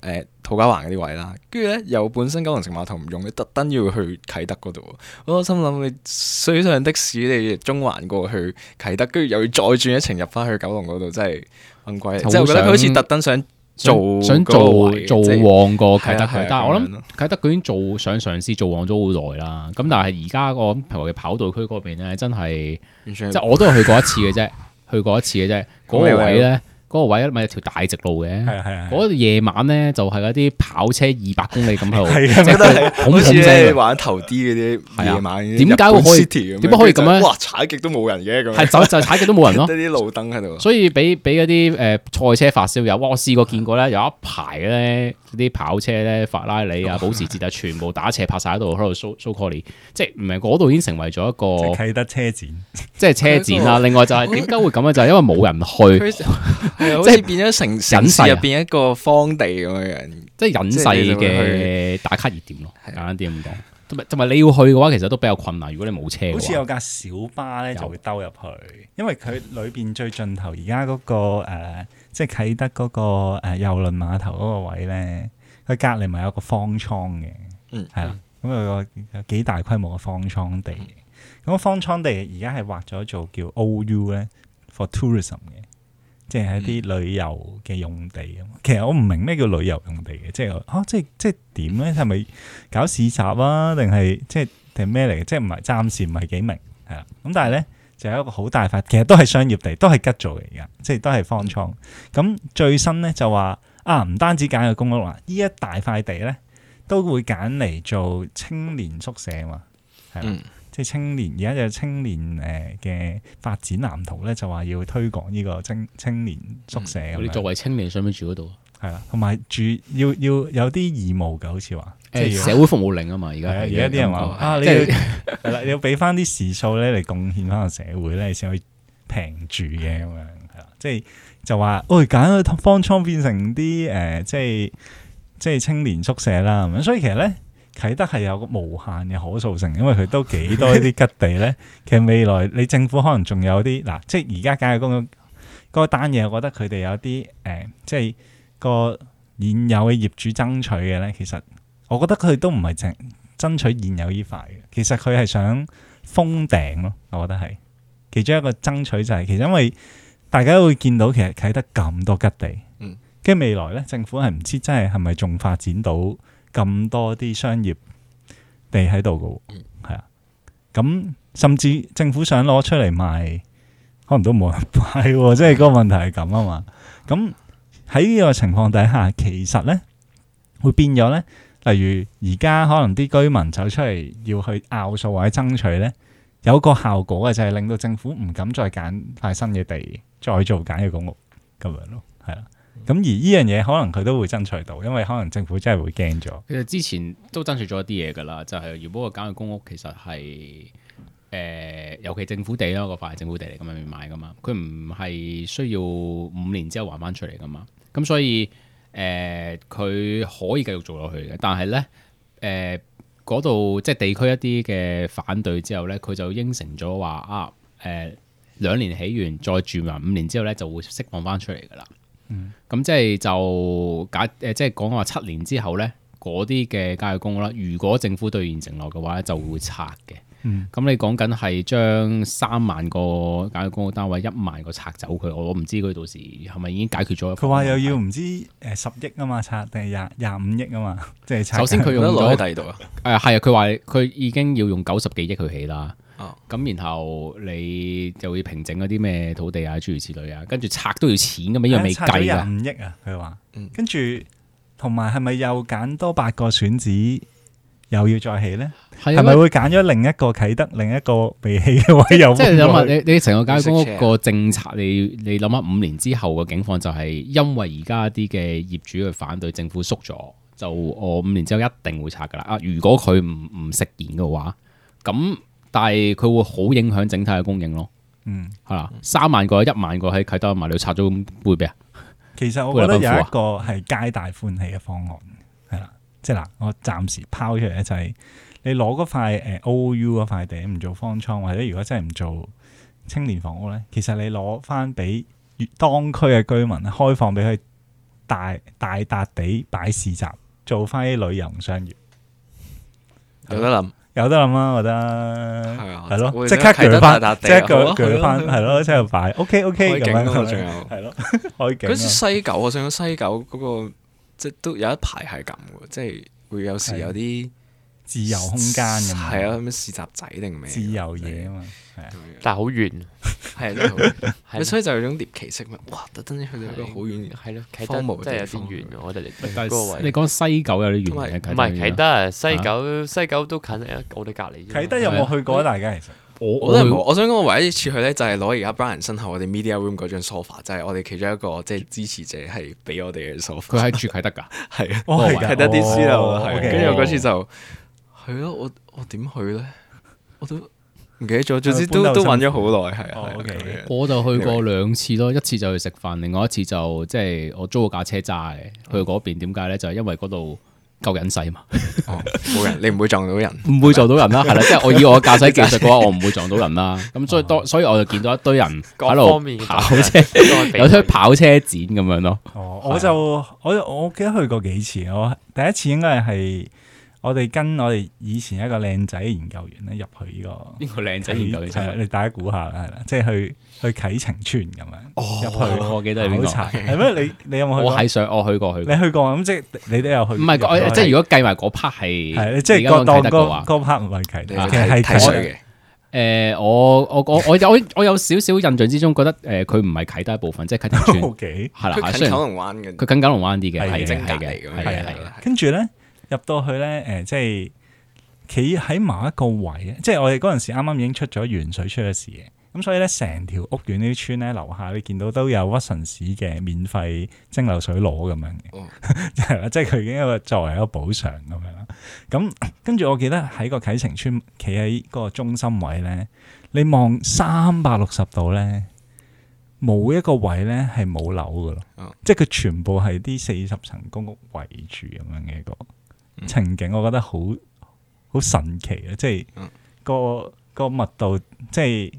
土、呃、瓜灣嗰啲位啦。跟住咧又本身九龍城碼頭唔用，你特登要去啟德嗰度。我心諗你水上的士你中環過去啟德，跟住又要再轉一程入翻去九龍嗰度，真係～即係我覺得佢好似特登想做想，想做做旺過啟德佢，啊啊、但係我諗啟德佢已經做上上司做旺咗好耐啦。咁但係而家個譬如跑道區嗰邊咧，真係想即係我都係去過一次嘅啫， 去過一次嘅啫，嗰 個位咧。 嗰個位咪有條大直路嘅，嗰夜晚咧就係嗰啲跑車二百公里咁樣，真係好玩頭啲嗰啲。係啊，夜晚點解會可以？點解可以咁樣？哇！踩極都冇人嘅咁，係就踩極都冇人咯，啲路燈喺度。所以俾俾嗰啲誒賽車發燒友，我試過見過咧，有一排咧嗰啲跑車咧，法拉利啊、保時捷啊，全部打斜泊晒喺度，喺度 show show 過年，即係唔係嗰度已經成為咗一個啟德車展，即係車展啦。另外就係點解會咁樣，就係因為冇人去。 即係變咗城市隱世入邊一個荒地咁樣樣，即係隱世嘅打卡熱點咯，簡單啲咁講。同埋同埋你要去嘅話，其實都比較困難。如果你冇車，好似有架小巴咧有就會兜入去。因為佢裏邊最盡頭而家嗰個誒、呃，即係啟德嗰、嗰個誒郵輪碼頭嗰個位咧，佢隔籬咪有個方艙嘅，係啦。咁有幾大規模嘅方艙地，咁方艙地而家係劃咗做叫 O.U. 咧，for tourism 嘅。即係一啲旅遊嘅用地啊，其實我唔明咩叫旅遊用地嘅，即係啊，即係即係點咧？係咪搞市集啊？定係即係定咩嚟嘅？即係唔係暫時唔係幾明係啦。咁但係咧就有一個好大塊，其實都係商業地，都係吉做嚟噶，即係都係方倉。咁、嗯、最新咧就話啊，唔單止揀個公屋啦，呢一大塊地咧都會揀嚟做青年宿舍啊嘛，係咪？嗯青年而家就青年誒嘅發展藍圖咧，就話要推廣呢個青青年宿舍。嗯、你作為青年想唔想住嗰度？係啦，同埋住要要有啲義務噶，好似話誒社會服務令啊嘛。而家而家啲人話啊、就是你，你要係啦，要俾翻啲時數咧嚟貢獻翻個社會咧，先可以平住嘅咁樣。係啦，即係就話，喂、哎，揀個方艙變成啲誒、呃，即係即係青年宿舍啦咁樣。所以其實咧。啟德係有個無限嘅可塑性，因為佢都幾多呢啲吉地咧。其實未來你政府可能仲有啲嗱，即係而家梗係嗰個嗰單嘢，我覺得佢哋有啲誒，即係個現有嘅業主爭取嘅咧。其實我覺得佢都唔係淨爭取現有呢塊嘅，其實佢係想封頂咯。我覺得係其中一個爭取就係，其實因為大家會見到其實啟德咁多吉地，嗯，跟住未來咧，政府係唔知真係係咪仲發展到？咁多啲商業地喺度嘅，係啊。咁甚至政府想攞出嚟賣，可能都冇人買，即係嗰個問題係咁啊嘛。咁喺呢個情況底下，其實咧會變咗咧，例如而家可能啲居民走出嚟要去拗數或者爭取咧，有個效果嘅就係令到政府唔敢再揀塊新嘅地再做簡約公屋咁樣咯，係啊。咁而呢樣嘢可能佢都會爭取到，因為可能政府真係會驚咗。其實之前都爭取咗一啲嘢噶啦，就係、是、簡約公屋，其實係誒、呃，尤其政府地咯，嗰塊政府地嚟，咁樣買噶嘛，佢唔係需要五年之後還翻出嚟噶嘛，咁、嗯、所以誒，佢、呃、可以繼續做落去嘅。但係呢誒嗰度即係地區一啲嘅反對之後呢，佢就應承咗話啊，誒、呃、兩年起完再住埋五年之後呢，就會釋放翻出嚟噶啦。咁、嗯、即係就解，誒，即係講話七年之後咧，嗰啲嘅簡約公屋啦，如果政府兌現承諾嘅話咧，就會拆嘅。咁、嗯、你講緊係將三萬個簡約公屋單位一萬個拆走佢，我唔知佢到時係咪已經解決咗。佢話又要唔知誒十億啊嘛拆，定係廿廿五億啊嘛，即係拆，首先佢用咗喺第二度啊，誒係啊，佢話佢已經要用九十幾億去起啦。咁然後你就會平整嗰啲咩土地啊，諸如此類啊，跟住拆都要錢咁樣，一樣未計噶。五億啊，佢話，跟住同埋係咪又揀多八個選址，又要再起呢？係咪會揀咗另一個啟德，另一個未起嘅位又即係你你成個街坊個政策，你你諗下五年之後嘅境況就係因為而家啲嘅業主去反對政府縮咗，就我五年之後一定會拆噶啦。啊，如果佢唔唔食言嘅話，咁。但係佢會好影響整體嘅供應咯。嗯，係啦，三萬個、一萬個喺啟德埋，你拆咗咁會咩啊？其實我覺得有一個係皆大歡喜嘅方案，係啦，即係嗱，我暫時拋出嚟咧就係、是、你攞嗰塊誒 O U 嗰塊地唔做方倉，或者如果真係唔做青年房屋咧，其實你攞翻俾當區嘅居民咧，開放俾佢大，大大笪地擺市集，做翻啲旅遊商業。劉德有得諗啊，我覺得，係咯，即刻舉翻，即刻舉舉翻，係咯，喺度擺，OK OK 咁樣，仲有，係咯，開景。好似西九，我上咗西九嗰個，即係都有一排係咁嘅，即係會有時有啲。自由空間咁，係啊，咩試集仔定咩？自由嘢啊嘛，係啊，但係好遠，係啊，所以就有種獵奇式咩？哇，特登去到好遠，係咯，啟德真係有啲遠，我覺得。但係嗰個位，你講西九有啲遠，唔係啟德，西九西九都近，我哋隔離。啟德有冇去過啊？大家其實，我我都冇。我想講我唯一一次去咧，就係攞而家 Brian 身後我哋 Media Room 嗰張 sofa，就係我哋其中一個即係支持者係俾我哋嘅 sofa。佢喺住啟德㗎，係啊，係啟德啲 studio，係跟住我嗰次就。係咯，我我點去咧？我都唔記得咗，總之都都揾咗好耐係啊。我就去過兩次咯，一次就去食飯，另外一次就即係我租個架車揸嘅去嗰邊。點解咧？就係因為嗰度夠人細嘛，冇人，你唔會撞到人，唔會撞到人啦。係啦，即係我以我駕駛技術嘅話，我唔會撞到人啦。咁所以多，所以我就見到一堆人喺度跑車，有出跑車展咁樣咯。我就我我記得去過幾次，我第一次應該係。我哋跟我哋以前一個靚仔研究員咧入去呢個，邊個靚仔研究員？你大家估下啦，係啦，即係去去啟晴邨咁樣。入去。我記得好邊個？係咩？你你有冇去？我喺上，我去過，去。你去過？咁即係你都有去。唔係，即係如果計埋嗰 part 係，即係個當哥，嗰 part 唔係啟，係啟晴嘅。誒，我我我我有我有少少印象之中，覺得誒，佢唔係啟德一部分，即係啟晴邨。OK 係啦，佢近九龍灣嘅，佢近九龍灣啲嘅，係嘅，跟住咧。入到去咧，誒、呃，即係企喺某一個位咧，即係我哋嗰陣時啱啱已經出咗鉛水出咗事嘅，咁所以咧，成條屋苑呢啲村咧，樓下你見到都有屈臣氏嘅免費蒸餾水攞咁樣嘅，係啦、哦， 即係佢已經一個作為一個補償咁樣啦。咁、嗯、跟住我記得喺個啟晴邨企喺個中心位咧，你望三百六十度咧，冇一個位咧係冇樓噶咯，哦、即係佢全部係啲四十層公屋圍住咁樣嘅一個。情景我覺得好好神奇啊！即係個個密度，即係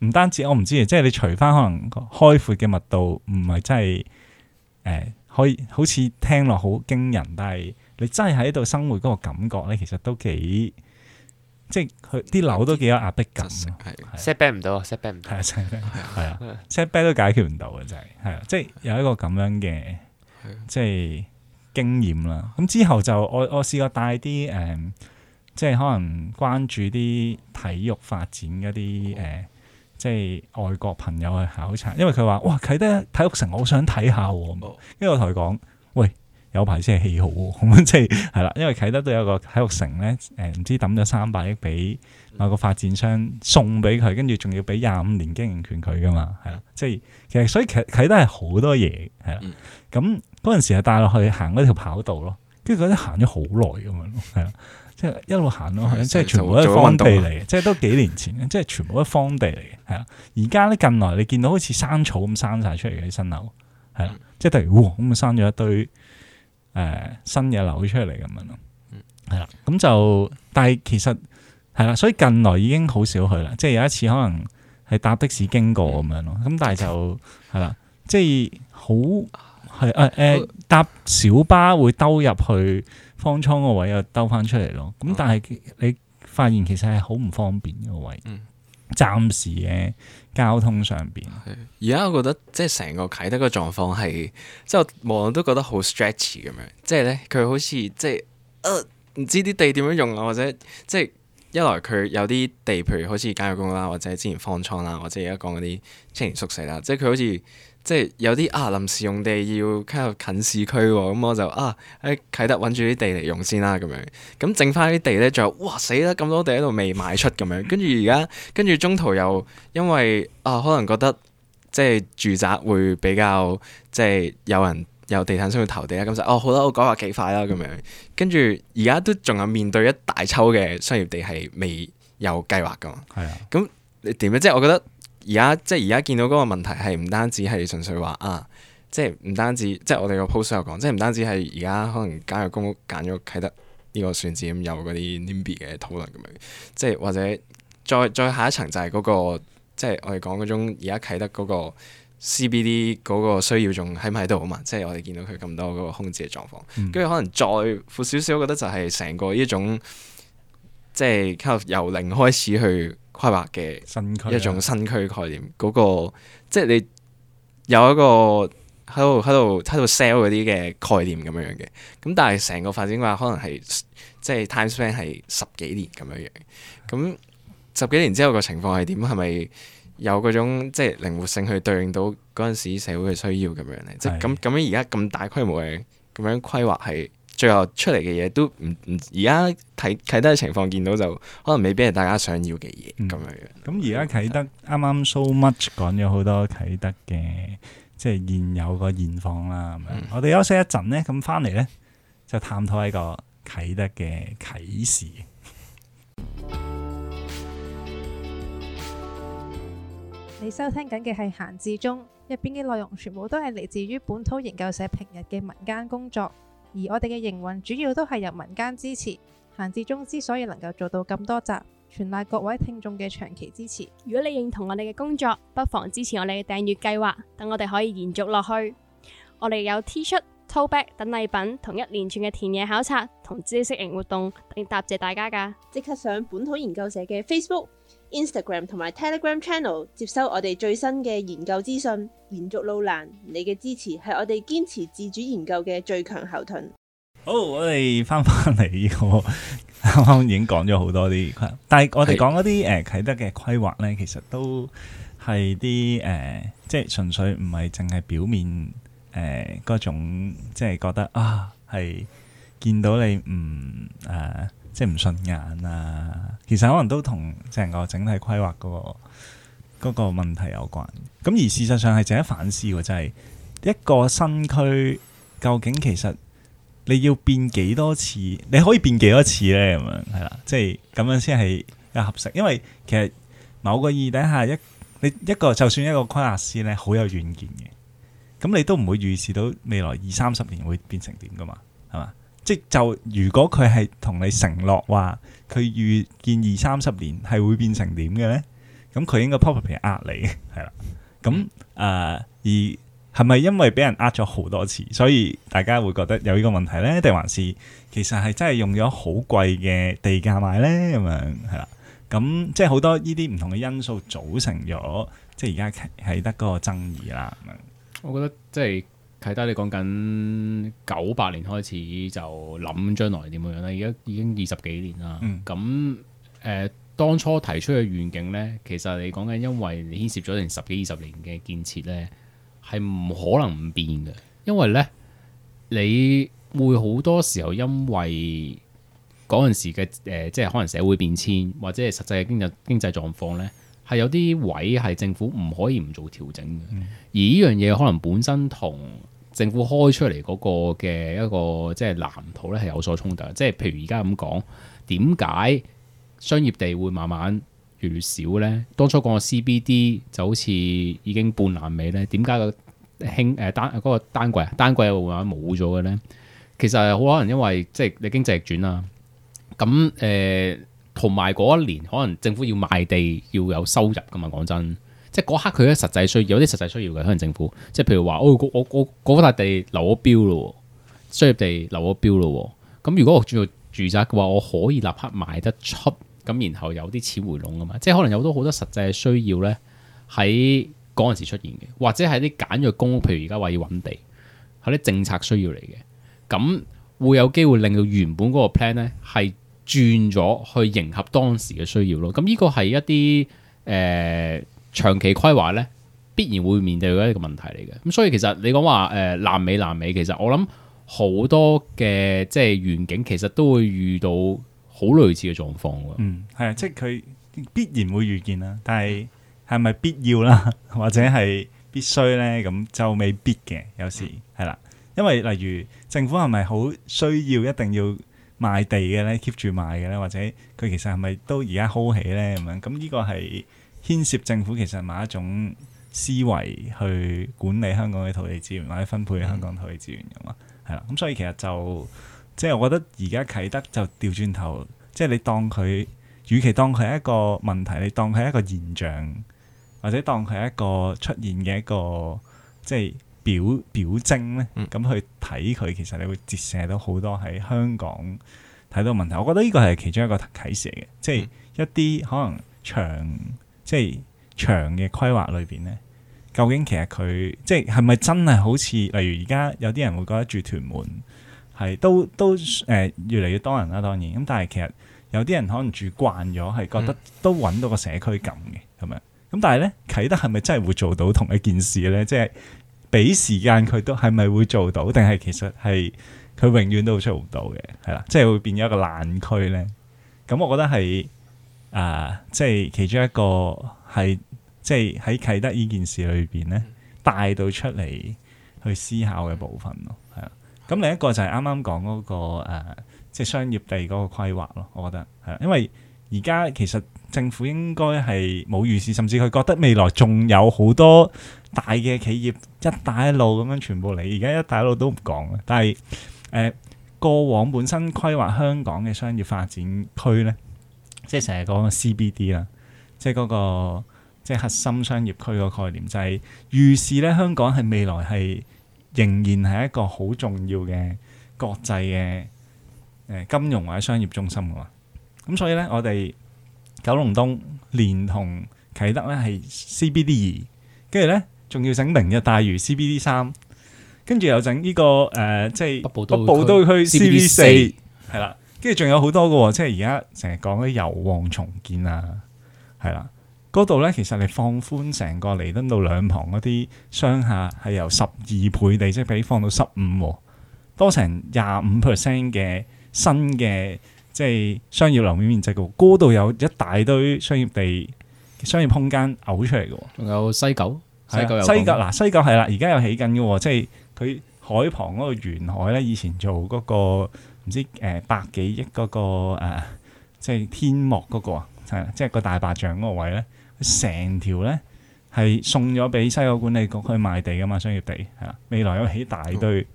唔單止我唔知即係你除翻可能開闊嘅密度，唔係真係誒，可以好似聽落好驚人，但係你真係喺度生活嗰個感覺咧，其實都幾即係佢啲樓都幾有壓迫感 set back 唔到，set back 唔係啊，set 係啊，set back 都解決唔到嘅真係，係啊，即係有一個咁樣嘅，即係。經驗啦，咁之後就我我試過帶啲誒，即係可能關注啲體育發展嗰啲誒，即係外國朋友去考察，因為佢話哇啟德體育城，我好想睇下喎。跟住我同佢講，喂，有排先係起好，咁即係係啦，因為啟德都有個體育城咧，誒、呃，唔知抌咗三百億俾。有個發展商送俾佢，跟住仲要俾廿五年經營權佢噶嘛，係啦，即係其實所以其實佢都係好多嘢，係啦。咁嗰陣時係帶落去行嗰條跑道咯，跟住嗰啲行咗好耐咁樣咯，係啊，的即係一路行咯，即係全部都係荒地嚟，嘅，即係都幾年前，即係全部都係荒地嚟嘅，係啊，而家咧近來你見到好似生草咁生晒出嚟嘅新樓，係啦， 即係突然嗚咁生咗一堆誒、呃、新嘅樓出嚟咁樣咯，係啦。咁就但係其實。係啦，所以近來已經好少去啦，即係有一次可能係搭的士經過咁樣咯，咁但係就係啦，即係好係誒誒搭小巴會兜入去方艙個位又兜翻出嚟咯，咁但係你發現其實係好唔方便個位。嗯，暫時嘅交通上邊，而家我覺得即係成個啟德個狀況係即係我望都覺得好 stretch 咁樣，即係咧佢好似即係誒唔知啲地點樣用啊，或者即係。一來佢有啲地，譬如好似簡約公啦，或者之前方艙啦，或者而家講嗰啲青年宿舍啦，即係佢好似即係有啲啊臨時用地要喺度近市區喎，咁、嗯、我就啊喺啟德揾住啲地嚟用先啦，咁樣咁剩翻啲地咧，仲有哇，死啦，咁多地喺度未賣出咁樣，跟住而家跟住中途又因為啊、呃、可能覺得即係住宅會比較即係有人。有地產商去投地啦，咁就哦好啦，我講話幾快啦咁樣，跟住而家都仲有面對一大抽嘅商業地係未有，有計劃噶嘛。係啊，咁你點咧？即係我覺得而家即係而家見到嗰個問題係唔單止係純粹話啊，即係唔單止即係我哋個 post 有講，即係唔單止係而家可能簡約公屋揀咗啟德呢個選址咁有嗰啲 NIMBY 嘅討論咁樣，即係或者再再下一層就係嗰個即係我哋講嗰種而家啟德嗰個。CBD 嗰個需要仲喺唔喺度啊嘛？即係我哋見到佢咁多嗰個空置嘅狀況，跟住、嗯、可能再闊少少，我覺得就係成個呢種即係由零開始去規劃嘅一種新區概念，嗰個即係你有一個喺度喺度喺度 sell 嗰啲嘅概念咁樣樣嘅，咁但係成個發展話可能係即係 time span 係十幾年咁樣樣，咁十幾年之後個情況係點？係咪？有嗰種即係靈活性去對應到嗰陣時社會嘅需要咁樣咧，的即係咁咁樣而家咁大規模嘅咁樣規劃係最後出嚟嘅嘢都唔唔而家睇啟德嘅情況，見到就可能未必係大家想要嘅嘢咁樣嘅。咁而家啟德啱啱 so much 講咗好多啟德嘅即係現有個現況啦，咁樣、嗯。我哋休息一陣咧，咁翻嚟咧就探討一個啟德嘅啟示。你收聽緊嘅係《閒置中》，入邊嘅內容全部都係嚟自於本土研究社平日嘅民間工作，而我哋嘅營運主要都係由民間支持。《閒置中》之所以能夠做到咁多集，全賴各位聽眾嘅長期支持。如果你認同我哋嘅工作，不妨支持我哋嘅訂閱計劃，等我哋可以延續落去。我哋有 T 恤、Tote Bag 等禮品，同一連串嘅田野考察同知識型活動，嚟答謝大家㗎。即刻上本土研究社嘅 Facebook。Instagram 同埋 Telegram Channel 接收我哋最新嘅研究資訊，延續路難，你嘅支持係我哋堅持自主研究嘅最強後盾。好，我哋翻翻嚟呢個，啱啱已經講咗好多啲，但係我哋講嗰啲誒啟德嘅規劃呢，其實都係啲誒，即係純粹唔係淨係表面誒嗰、呃、種，即係覺得啊係見到你唔誒。嗯呃即係唔順眼啊！其實可能都同成個整體規劃嗰個嗰個問題有關。咁而事實上係值得反思嘅，就係一個新區究竟其實你要變幾多次？你可以變幾多次呢？咁樣係啦，即係咁樣先係合適。因為其實某個意底下一你一個就算一個規劃師咧，好有遠見嘅，咁你都唔會預示到未來二三十年會變成點噶嘛？係嘛？即就如果佢係同你承諾話佢預見二三十年係會變成點嘅咧，咁佢應該 pop up 嚟呃你係啦。咁誒、嗯嗯呃、而係咪因為俾人呃咗好多次，所以大家會覺得有呢個問題咧，定還是其實係真係用咗好貴嘅地價買咧？咁樣係啦。咁、嗯、即係好多呢啲唔同嘅因素組成咗，即係而家係得嗰個爭議啦。咁樣，我覺得即係。啟德你講緊九八年開始就諗將來點樣咧，而家已經二十幾年啦。咁誒、嗯呃，當初提出嘅願景咧，其實你講緊因為你牽涉咗成十幾二十年嘅建設咧，係唔可能唔變嘅。因為咧，你會好多時候因為嗰陣時嘅誒、呃，即係可能社會變遷或者係實際嘅經濟經濟狀況咧，係有啲位係政府唔可以唔做調整嘅。嗯、而呢樣嘢可能本身同政府開出嚟嗰個嘅一個即係藍圖咧，係有所衝突。即係譬如而家咁講，點解商業地會慢慢越嚟越少咧？當初講個 CBD 就好似已經半爛尾咧，點解個興誒單嗰、個單季啊單季又慢慢冇咗嘅咧？其實好可能因為即係你經濟逆轉啦。咁誒同埋嗰一年，可能政府要賣地要有收入㗎嘛？講真。即嗰刻佢咧實際需有啲實際需要嘅，可能政府即係譬如話，哦，我我嗰塊地留咗標咯，商業地留咗標咯，咁如果我轉做住宅嘅話，我可以立刻賣得出，咁然後有啲錢回籠啊嘛。即係可能有好多好多實際需要咧，喺嗰陣時出現嘅，或者係啲簡約公屋，譬如而家話要揾地，係啲政策需要嚟嘅，咁會有機會令到原本嗰個 plan 咧係轉咗去迎合當時嘅需要咯。咁呢個係一啲誒。呃長期規劃咧，必然會面對一個問題嚟嘅。咁所以其實你講話誒南美南美，其實我諗好多嘅即係遠景，其實都會遇到好類似嘅狀況喎。嗯，係啊，即係佢必然會預見啦，但係係咪必要啦，或者係必須咧？咁就未必嘅，有時係啦、嗯。因為例如政府係咪好需要一定要賣地嘅咧？keep 住賣嘅咧，或者佢其實係咪都而家 hold 起咧咁樣？咁呢個係。牽涉政府其實係某一種思維去管理香港嘅土地資源或者分配香港土地資源咁嘛，係啦、嗯。咁所以其實就即係我覺得而家啟德就調轉頭，即係你當佢，與其當佢係一個問題，你當佢係一個現象，或者當佢係一個出現嘅一個即係表表徵咧，咁、嗯、去睇佢，其實你會折射到好多喺香港睇到問題。我覺得呢個係其中一個啟示嚟嘅，即係一啲可能長。即係長嘅規劃裏邊咧，究竟其實佢即係咪真係好似，例如而家有啲人會覺得住屯門係都都誒、呃、越嚟越多人啦，當然咁，但係其實有啲人可能住慣咗，係覺得都揾到個社區感嘅咁樣。咁但係咧啟德係咪真係會做到同一件事咧？即係俾時間佢都係咪會做到？定係其實係佢永遠都做唔到嘅？係啦，即係會變咗一個爛區咧。咁我覺得係。啊，即係其中一個係，即係喺啟德呢件事裏邊咧，帶、嗯、到出嚟去思考嘅部分咯，係啊。咁另一個就係啱啱講嗰個誒、啊，即係商業地嗰個規劃咯。我覺得係，因為而家其實政府應該係冇預視，甚至佢覺得未來仲有好多大嘅企業一帶一路咁樣全部嚟，而家一帶一路都唔講。但係誒、呃，過往本身規劃香港嘅商業發展區咧。即係成日講個 CBD 啦，即係嗰個即係核心商業區個概念，就是，就係預示咧香港係未來係仍然係一個好重要嘅國際嘅誒金融或者商業中心噶嘛。咁所以咧，我哋九龍東連同啟德咧係 CBD 二，跟住咧仲要整明日大嶼 CBD 三，跟住又整呢、這個誒、呃、即係北部都北部都區 CBD 四係啦。D 跟住仲有好多嘅，即係而家成日講咧，油旺重建啊，係啦，嗰度咧其實你放寬成個彌敦道兩旁嗰啲商廈，係由十二倍地即積比放到十五，多成廿五 percent 嘅新嘅即係商業樓面面積，嗰度有一大堆商業地商業空間嘔出嚟嘅，仲有西九，西九嗱西九係啦，而家又起緊嘅，即係佢海旁嗰個沿海咧，以前做嗰個。唔知誒百幾億嗰、那個即係天幕嗰個啊，即係、那個即大白象嗰個位咧，成條咧係送咗俾西九管理局去賣地嘅嘛，商業地係啦，未來有起大堆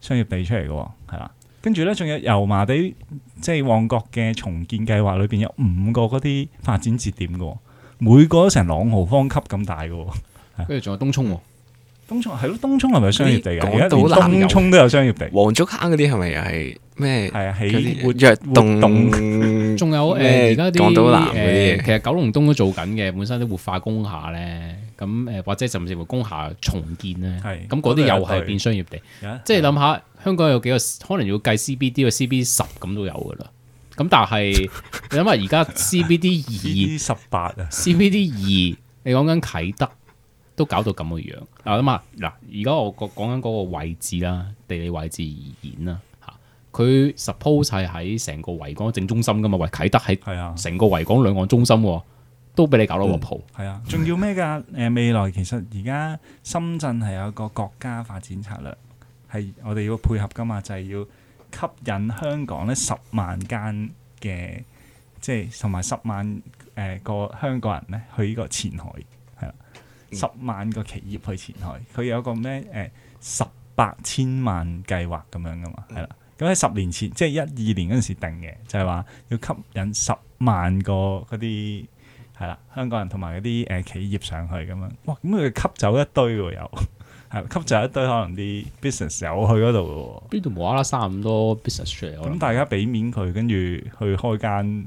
商業地出嚟嘅，係啦，跟住咧仲有油麻地即係旺角嘅重建計劃裏邊有五個嗰啲發展節點嘅，每個都成朗豪坊級咁大嘅，跟住仲有東涌、哦。東涌係咯，東涌係咪商業地啊？連東涌都有商業地，黃竹坑嗰啲係咪又係咩？係啊，係活躍動，仲有誒，而家啲港島南嗰啲，其實九龍東都做緊嘅，本身啲活化工廈咧，咁誒或者甚至乎工廈重建咧，係咁嗰啲又係變商業地，即係諗下香港有幾個，可能要計 CBD 個 CBD 十咁都有噶啦，咁但係你諗下而家 CBD 二十八啊，CBD 二，你講緊啟德？都搞到咁嘅樣嗱，咁啊，嗱，而家我講緊嗰個位置啦，地理位置而言啦嚇，佢 suppose 係喺成個維港正中心噶嘛。喂，啟德喺，係啊，成個維港兩岸中心都俾你搞到個鋪，係、嗯、啊，仲要咩噶？誒、呃，未來其實而家深圳係有個國家發展策略，係我哋要配合噶嘛，就係、是、要吸引香港咧十萬間嘅，即係同埋十萬誒個香港人咧去呢個前海。十萬個企業去前海，佢有個咩誒、呃、十八千萬計劃咁樣㗎嘛？係啦，咁喺十年前即係一二年嗰陣時定嘅，就係、是、話要吸引十萬個嗰啲係啦香港人同埋嗰啲誒企業上去咁樣。哇！咁佢吸走一堆喎，又吸走一堆可能啲 business 有去嗰度嘅喎。邊度無啦啦生咁多 business，咁大家俾面佢，跟住去開間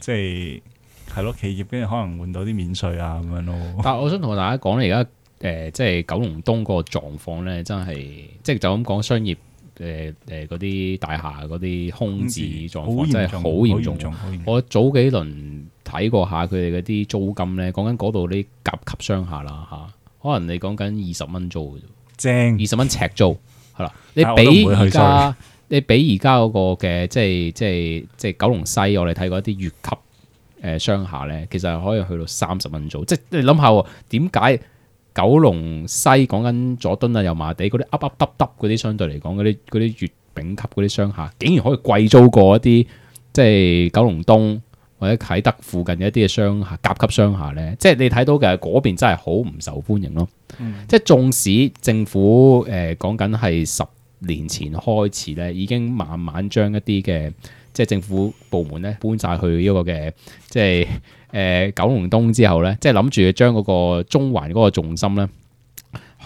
即係。係咯，企業跟住可能換到啲免稅啊咁樣咯。但係我想同大家講咧，而家誒，即、呃、係、就是、九龍東嗰個狀況咧，真係即係就咁、是、講商業誒誒嗰啲大廈嗰啲空置狀況，嗯嗯、真係好嚴重。我早幾輪睇過下佢哋嗰啲租金咧，講緊嗰度啲甲級商廈啦吓，可能你講緊二十蚊租嘅，正二十蚊尺租係啦。你俾而家，你俾而家嗰個嘅，即係即係即係九龍西，我哋睇過一啲越級。誒、呃、商廈咧，其實可以去到三十蚊租，即係你諗下，點解九龍西講緊佐敦啊、油麻地嗰啲凹凹凸凸嗰啲，相對嚟講嗰啲嗰啲乙丙級嗰啲商廈，竟然可以貴租過一啲即係九龍東或者啟德附近嘅一啲嘅商廈甲級商廈咧？即係你睇到嘅嗰邊真係好唔受歡迎咯。嗯、即係縱使政府誒講緊係十年前開始咧，已經慢慢將一啲嘅。即係政府部門咧，搬晒去呢個嘅，即係誒九龍東之後咧，即係諗住將嗰個中環嗰個重心咧。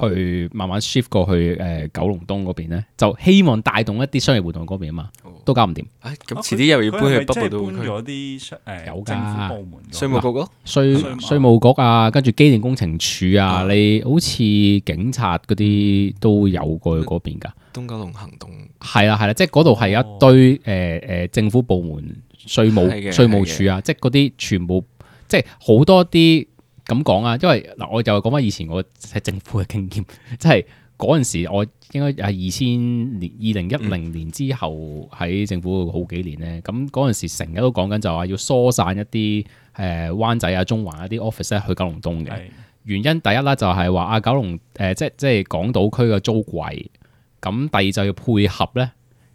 去慢慢 shift 過去誒九龍東嗰邊咧，就希望帶動一啲商業活動嗰邊啊嘛，都搞唔掂。咁遲啲又要搬去北部都會區。搬咗啲誒有部門，稅務局咯，稅稅務局啊，跟住機電工程處啊，你好似警察嗰啲都有過去嗰邊噶。東九龍行動，係啦係啦，即係嗰度係一堆誒誒政府部門稅務稅務處啊，即係嗰啲全部，即係好多啲。咁講啊，因為嗱，我就講翻以前我喺政府嘅經驗，即係嗰陣時，我應該係二千年、二零一零年之後喺政府好幾年咧。咁嗰陣時，成日都講緊就話要疏散一啲誒灣仔啊、中環一啲 office 去九龍東嘅原因，第一啦就係話啊九龍誒，即係即係港島區嘅租貴，咁第二就要配合咧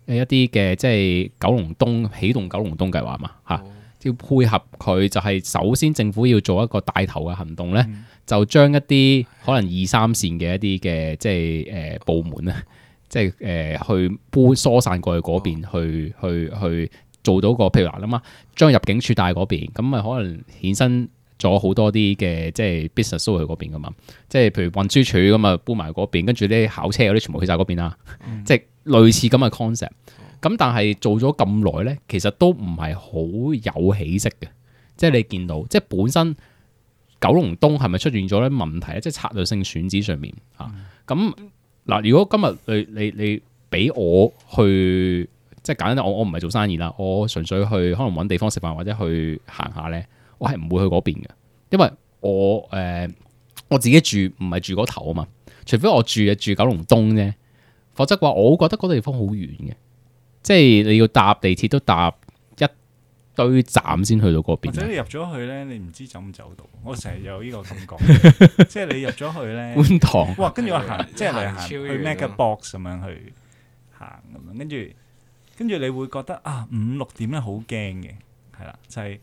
一啲嘅即係九龍東起動九龍東計劃嘛嚇。哦要配合佢就係、是、首先政府要做一個帶頭嘅行動咧，嗯、就將一啲可能二三線嘅一啲嘅即係誒部門咧，即係誒去搬疏散過去嗰邊、哦、去去去做到個譬如話啊嘛，諗吓將入境處帶嗰邊，咁啊可能衍生咗好多啲嘅即係 business 去嗰、嗯、邊噶嘛，即係譬如運輸署咁啊搬埋嗰邊，跟住啲考車嗰啲全部去晒嗰邊啦，即係、嗯、類似咁嘅 concept。咁但係做咗咁耐呢，其實都唔係好有起色嘅，即係你見到，即係本身九龍東係咪出現咗啲問題咧？即係策略性選址上面嚇咁嗱。啊嗯嗯、如果今日你你你俾我去即係簡單，我我唔係做生意啦，我純粹去可能揾地方食飯或者去行下呢，我係唔會去嗰邊嘅，因為我誒、呃、我自己住唔係住嗰頭啊嘛，除非我住住九龍東啫，否則嘅話，我覺得嗰個地方好遠嘅。即係你要搭地鐵都搭一堆站先去到嗰邊，或者你入咗去咧，你唔知走唔走到。我成日有呢個感覺。 即係你入咗去咧，觀塘。哇，跟住我行， 即係嚟行去 Mega Box 咁樣去行咁樣，跟住跟住你會覺得啊，五六點咧好驚嘅，係啦，就係、是。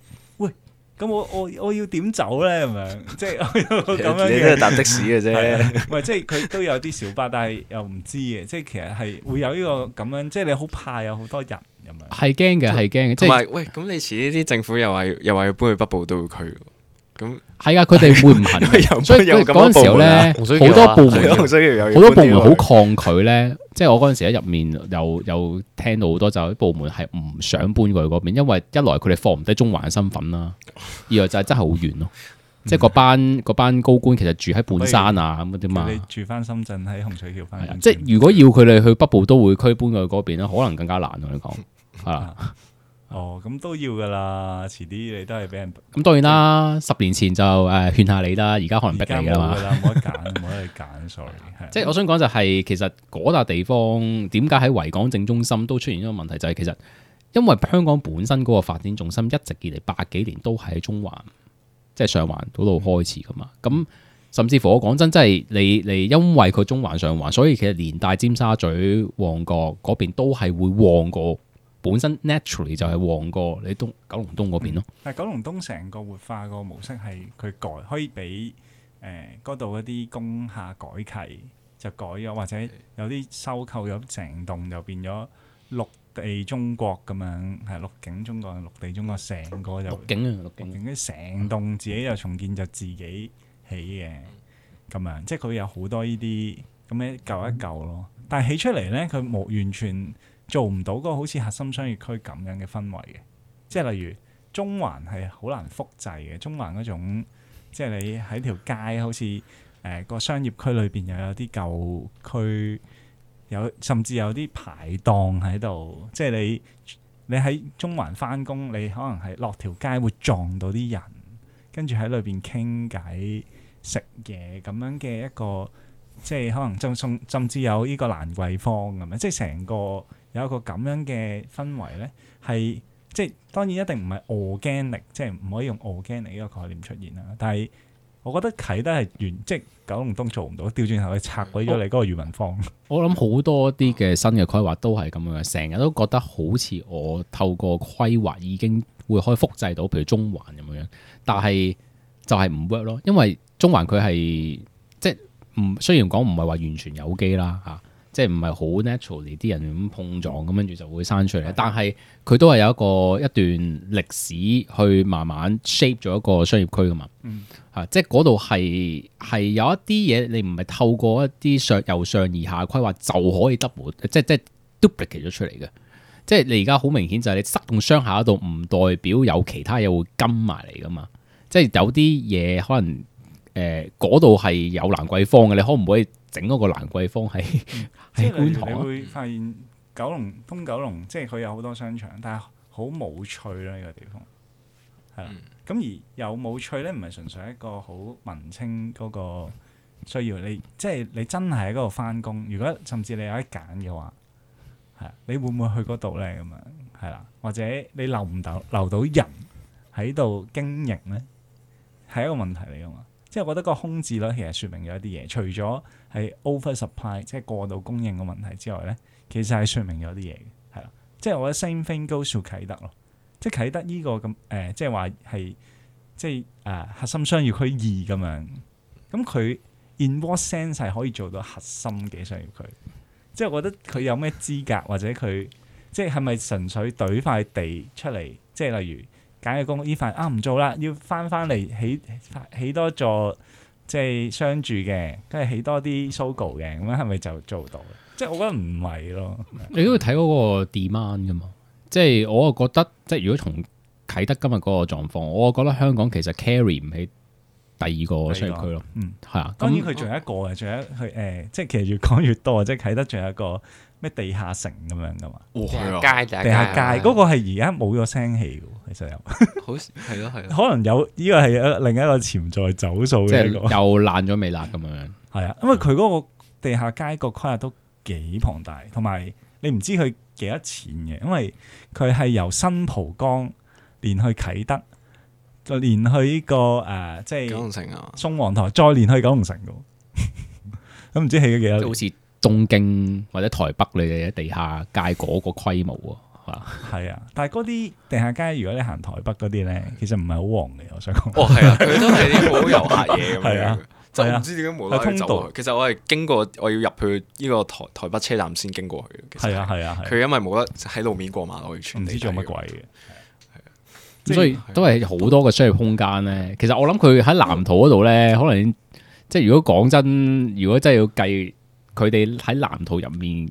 咁我我我要點走咧咁樣，即係咁樣。其 實你搭的士嘅啫，唔係即係佢都有啲小巴，但係又唔知嘅。即係其實係會有呢個咁樣，即係你好怕有好多人咁樣。係驚嘅，係驚嘅。同埋喂，咁你遲啲啲政府又話又話要搬去北部都會區喎，咁。係啊，佢哋會唔行？所以嗰陣時咧，好多部門好多部門好抗拒咧。即係我嗰陣時喺入面又又聽到好多就，部門係唔想搬過去嗰邊，因為一來佢哋放唔低中環嘅身份啦，二來就係真係好遠咯。即係嗰班嗰班高官其實住喺半山啊咁嘅啫嘛。住翻、深圳喺洪水橋翻，即係如果要佢哋去北部都會區搬過去嗰邊咧，可能更加難同你講啊。哦，咁都要噶啦，遲啲你都係俾人。咁當然啦，嗯、十年前就誒勸、呃、下你啦，而家可能逼你噶嘛。冇啦，冇得揀，冇得去揀，所以 了。即係我想講就係、是，其實嗰笪地方點解喺維港正中心都出現咗個問題，就係、是、其實因為香港本身嗰個發展重心一直以嚟百幾年都係喺中環，即、就、係、是、上環嗰度開始噶嘛。咁甚至乎我講真，即、就、係、是、你你,你因為佢中環上環，所以其實連帶尖沙咀旺角嗰邊都係會旺過。本身 naturally 就係旺過，你東九龍東嗰邊咯。但係九龍東成，嗯、個活化個模式係佢改，可以俾誒嗰度一啲工廈改契，就改咗，或者有啲收購咗成棟就變咗綠地中國咁樣，係綠景中國、綠地中國成個就綠景啊，綠景，跟住成棟自己又重建就自己起嘅咁樣，即係佢有好多呢啲咁樣一嚿一嚿咯。但係起出嚟咧，佢冇完全。做唔到嗰個好似核心商業區咁樣嘅氛圍嘅，即係例如中環係好難複製嘅，中環嗰種即係你喺條街好似誒、呃那個商業區裏邊又有啲舊區，有甚至有啲排檔喺度，即係你你喺中環翻工，你可能係落條街會撞到啲人，跟住喺裏邊傾偈食嘢咁樣嘅一個，即係可能就從甚至有呢個蘭桂坊咁樣，即係成個。有一個咁樣嘅氛圍呢，係即係當然一定唔係 organic 即係唔可以用 organic 呢個概念出現啦。但係我覺得啟德係完，即係九龍東做唔到，調轉頭去拆毀咗你嗰個裕民坊。我諗好多啲嘅新嘅規劃都係咁樣，成日都覺得好似我透過規劃已經會可以複製到，譬如中環咁樣，但係就係唔 work 咯。因為中環佢係即係唔雖然講唔係話完全有機啦，吓。即係唔係好 natural 嚟？啲人咁碰撞咁，跟住就會生出嚟。的但係佢都係有一個一段歷史去慢慢 shape 咗一個商業區噶嘛。嗯，啊，即係嗰度係係有一啲嘢，你唔係透過一啲上由上而下規劃就可以得滿，即係即係 duplicate 咗出嚟嘅。即係你而家好明顯就係你塞棟商廈嗰度，唔代表有其他嘢會跟埋嚟噶嘛。即係有啲嘢可能誒嗰度係有蘭桂坊嘅，你可唔可以？整嗰個蘭桂坊喺即觀塘，你會發現九龍東九龍，即係佢有好多商場，但係好冇趣啦。呢、呢個地方係啦，咁而有冇趣咧，唔係純粹一個好文青嗰個需要。你即係你真係喺嗰度返工，如果甚至你有得揀嘅話，係啊，你會唔會去嗰度咧？咁啊，係啦，或者你留唔到留到人喺度經營咧，係一個問題嚟㗎嘛。即係我覺得個空置率其實説明咗一啲嘢，除咗係 oversupply 即係過度供應嘅問題之外咧，其實係説明咗啲嘢嘅，係啦。即係我覺得 same thing goes to 啟德咯，即係啟德呢個咁誒、呃，即係話係即係誒、啊、核心商業區二咁樣，咁佢 in what sense 係可以做到核心嘅商業區？即係我覺得佢有咩資格或者佢即係係咪純粹攤塊地出嚟？即係例如。簡約公屋呢份啊唔做啦，要翻翻嚟起起多座即係相住嘅，跟住起多啲 SOGO 嘅，咁樣係咪就做到？即係我覺得唔係咯。你都要睇嗰個 demand 噶嘛。即係我覺得，即係如果同啟德今日嗰個狀況，我覺得香港其實 carry 唔起第二個商業區咯。嗯，係啊。當然佢仲有一個嘅，仲有一佢誒、呃，即係其實越講越多啊！即係啟德仲有一個。咩地下城咁樣噶嘛？哦、地下街，地下街嗰個係而家冇咗聲氣嘅，其實有，係咯係咯， 可能有呢個係另一個潛一個潛在走數嘅，又爛咗未爛咁樣。係啊， 因為佢嗰個地下街個規模都幾龐大，同埋你唔知佢幾多錢嘅，因為佢係由新蒲崗連去啟德，就連去呢個誒，即係九龍城啊，就是，宋皇臺再連去九龍城嘅，咁 唔知起咗幾多？東京或者台北你嘅地下街嗰個規模啊，係 啊，但係嗰啲地下街如果你行台北嗰啲咧，的其實唔係好旺嘅。我想講，係啊、哦，佢真係啲好遊客嘢，咁樣， 的就唔知點解無端端走。其實我係經過，我要入去呢個台台北車站，先經過去。係啊係啊，佢因為冇得喺路面過馬路去傳遞，我完全唔知做乜鬼嘅？的所以，所以的都係好多嘅商業空間咧。其實我諗佢喺南圖嗰度咧，可能即係如果講真，如果真係要計。佢哋喺藍圖入面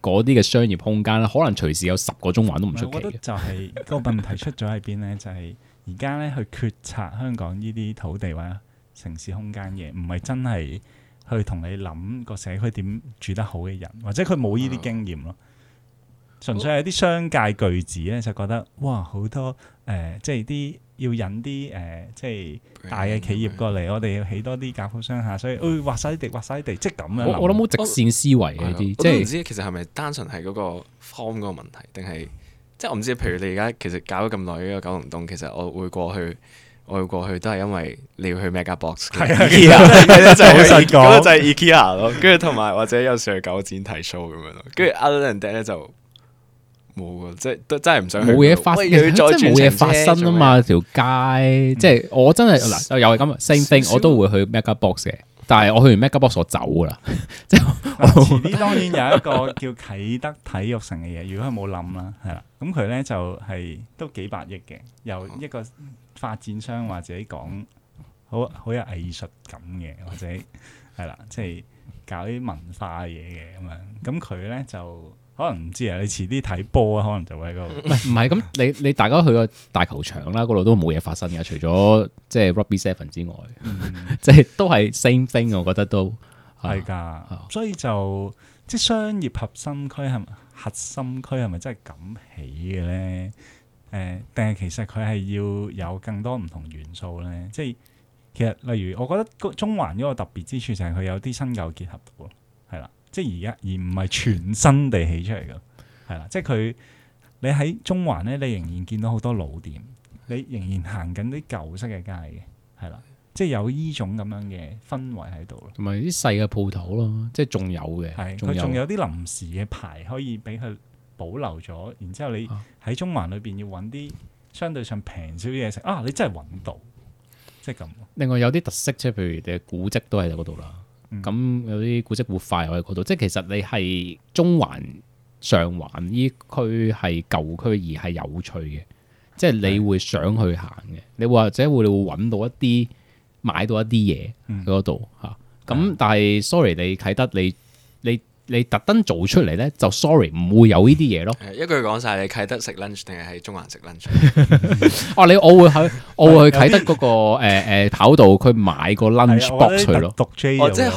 嗰啲嘅商業空間咧，可能隨時有十個鐘玩都唔出奇嘅。就係個問題出咗喺邊呢？ 就係而家咧去決策香港呢啲土地或者城市空間嘅，唔係真係去同你諗個社區點住得好嘅人，或者佢冇呢啲經驗咯。嗯、純粹係啲商界巨子咧，就覺得哇好多誒、呃，即係啲。要引啲誒，即係大嘅企業過嚟，我哋要起多啲甲級商廈，所以誒挖曬地，挖曬地，即係咁樣。我我諗冇直線思維嗰啲，即都唔知其實係咪單純係嗰個 form 嗰個問題，定係即係我唔知。譬如你而家其實搞咗咁耐呢個九龍東，其實我會過去，我會過去都係因為你要去 Mega Box，係啊，就係好實講，就係 IKEA 咯。跟住同埋或者有時去九展睇 show 咁樣咯。跟住 other than 咧就。冇即係都真係唔想去冇嘢發生，即係冇嘢發生啊嘛條街，即係我真係嗱又係咁 same thing，我都會去 Mega Box，但係我去完 Mega Box 我走噶啦，即係我前啲當然有一個叫啟德體育城嘅嘢，如果佢冇諗啦係啦，咁佢咧就係都幾百億嘅，由一個發展商話自己講好好有藝術感嘅或者係啦，即係搞啲文化嘢嘅咁樣，咁佢咧就。可能唔知啊，你遲啲睇波啊，可能就會喺嗰度。唔係咁，你你大家去個大球場啦，嗰度 都冇嘢發生嘅，除咗即係 Rugby Seven 之外，即係、嗯、 都係 same thing。我覺得都係噶，的啊、所以就即係商業核心區係咪？核心區係咪真係咁起嘅咧？誒、嗯，定係其實佢係要有更多唔同元素咧？即係其實例如，我覺得中中環呢個特別之處就係佢有啲新舊結合即係而家，而唔係全新地起出嚟噶，係啦。即係佢，你喺中環咧，你仍然見到好多老店，你仍然行緊啲舊式嘅街嘅，係啦。即係有呢種咁樣嘅氛圍喺度咯，同埋啲細嘅鋪頭咯，即係仲有嘅。係佢仲有啲臨時嘅牌可以俾佢保留咗，然之後你喺中環裏邊要揾啲相對上平少啲嘢食啊，你真係揾到，即係咁。另外有啲特色，即係譬如你古蹟都喺度啦。咁、嗯嗯、有啲古蹟活化，我喺嗰度，即係其實你係中環、上環呢區係舊區而係有趣嘅，即、就、係、是、你會想去行嘅，你或者會你會揾到一啲買到一啲嘢嗰度嚇。咁、嗯啊、但係的 sorry 你睇得你你。你特登做出嚟咧就 sorry，唔會有呢啲嘢咯。誒一句講晒，你啟德食 lunch 定係喺中環食 lunch？哦，你我會喺我會喺啟德嗰個誒誒跑道佢買個 lunch box 去咯，讀 J 又唔錯。哦，即係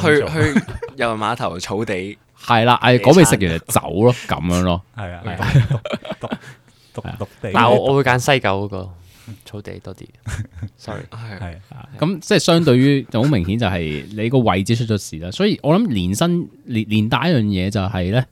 去去又碼頭草地。係啦，誒嗰未食完就走咯，咁樣咯。係啊，讀讀讀讀地。但係我我會揀西九嗰個。草地多啲，sorry 係係咁，即係相對於就好明顯就係你個位置出咗事啦，所以我諗連身連連帶一樣嘢就係咧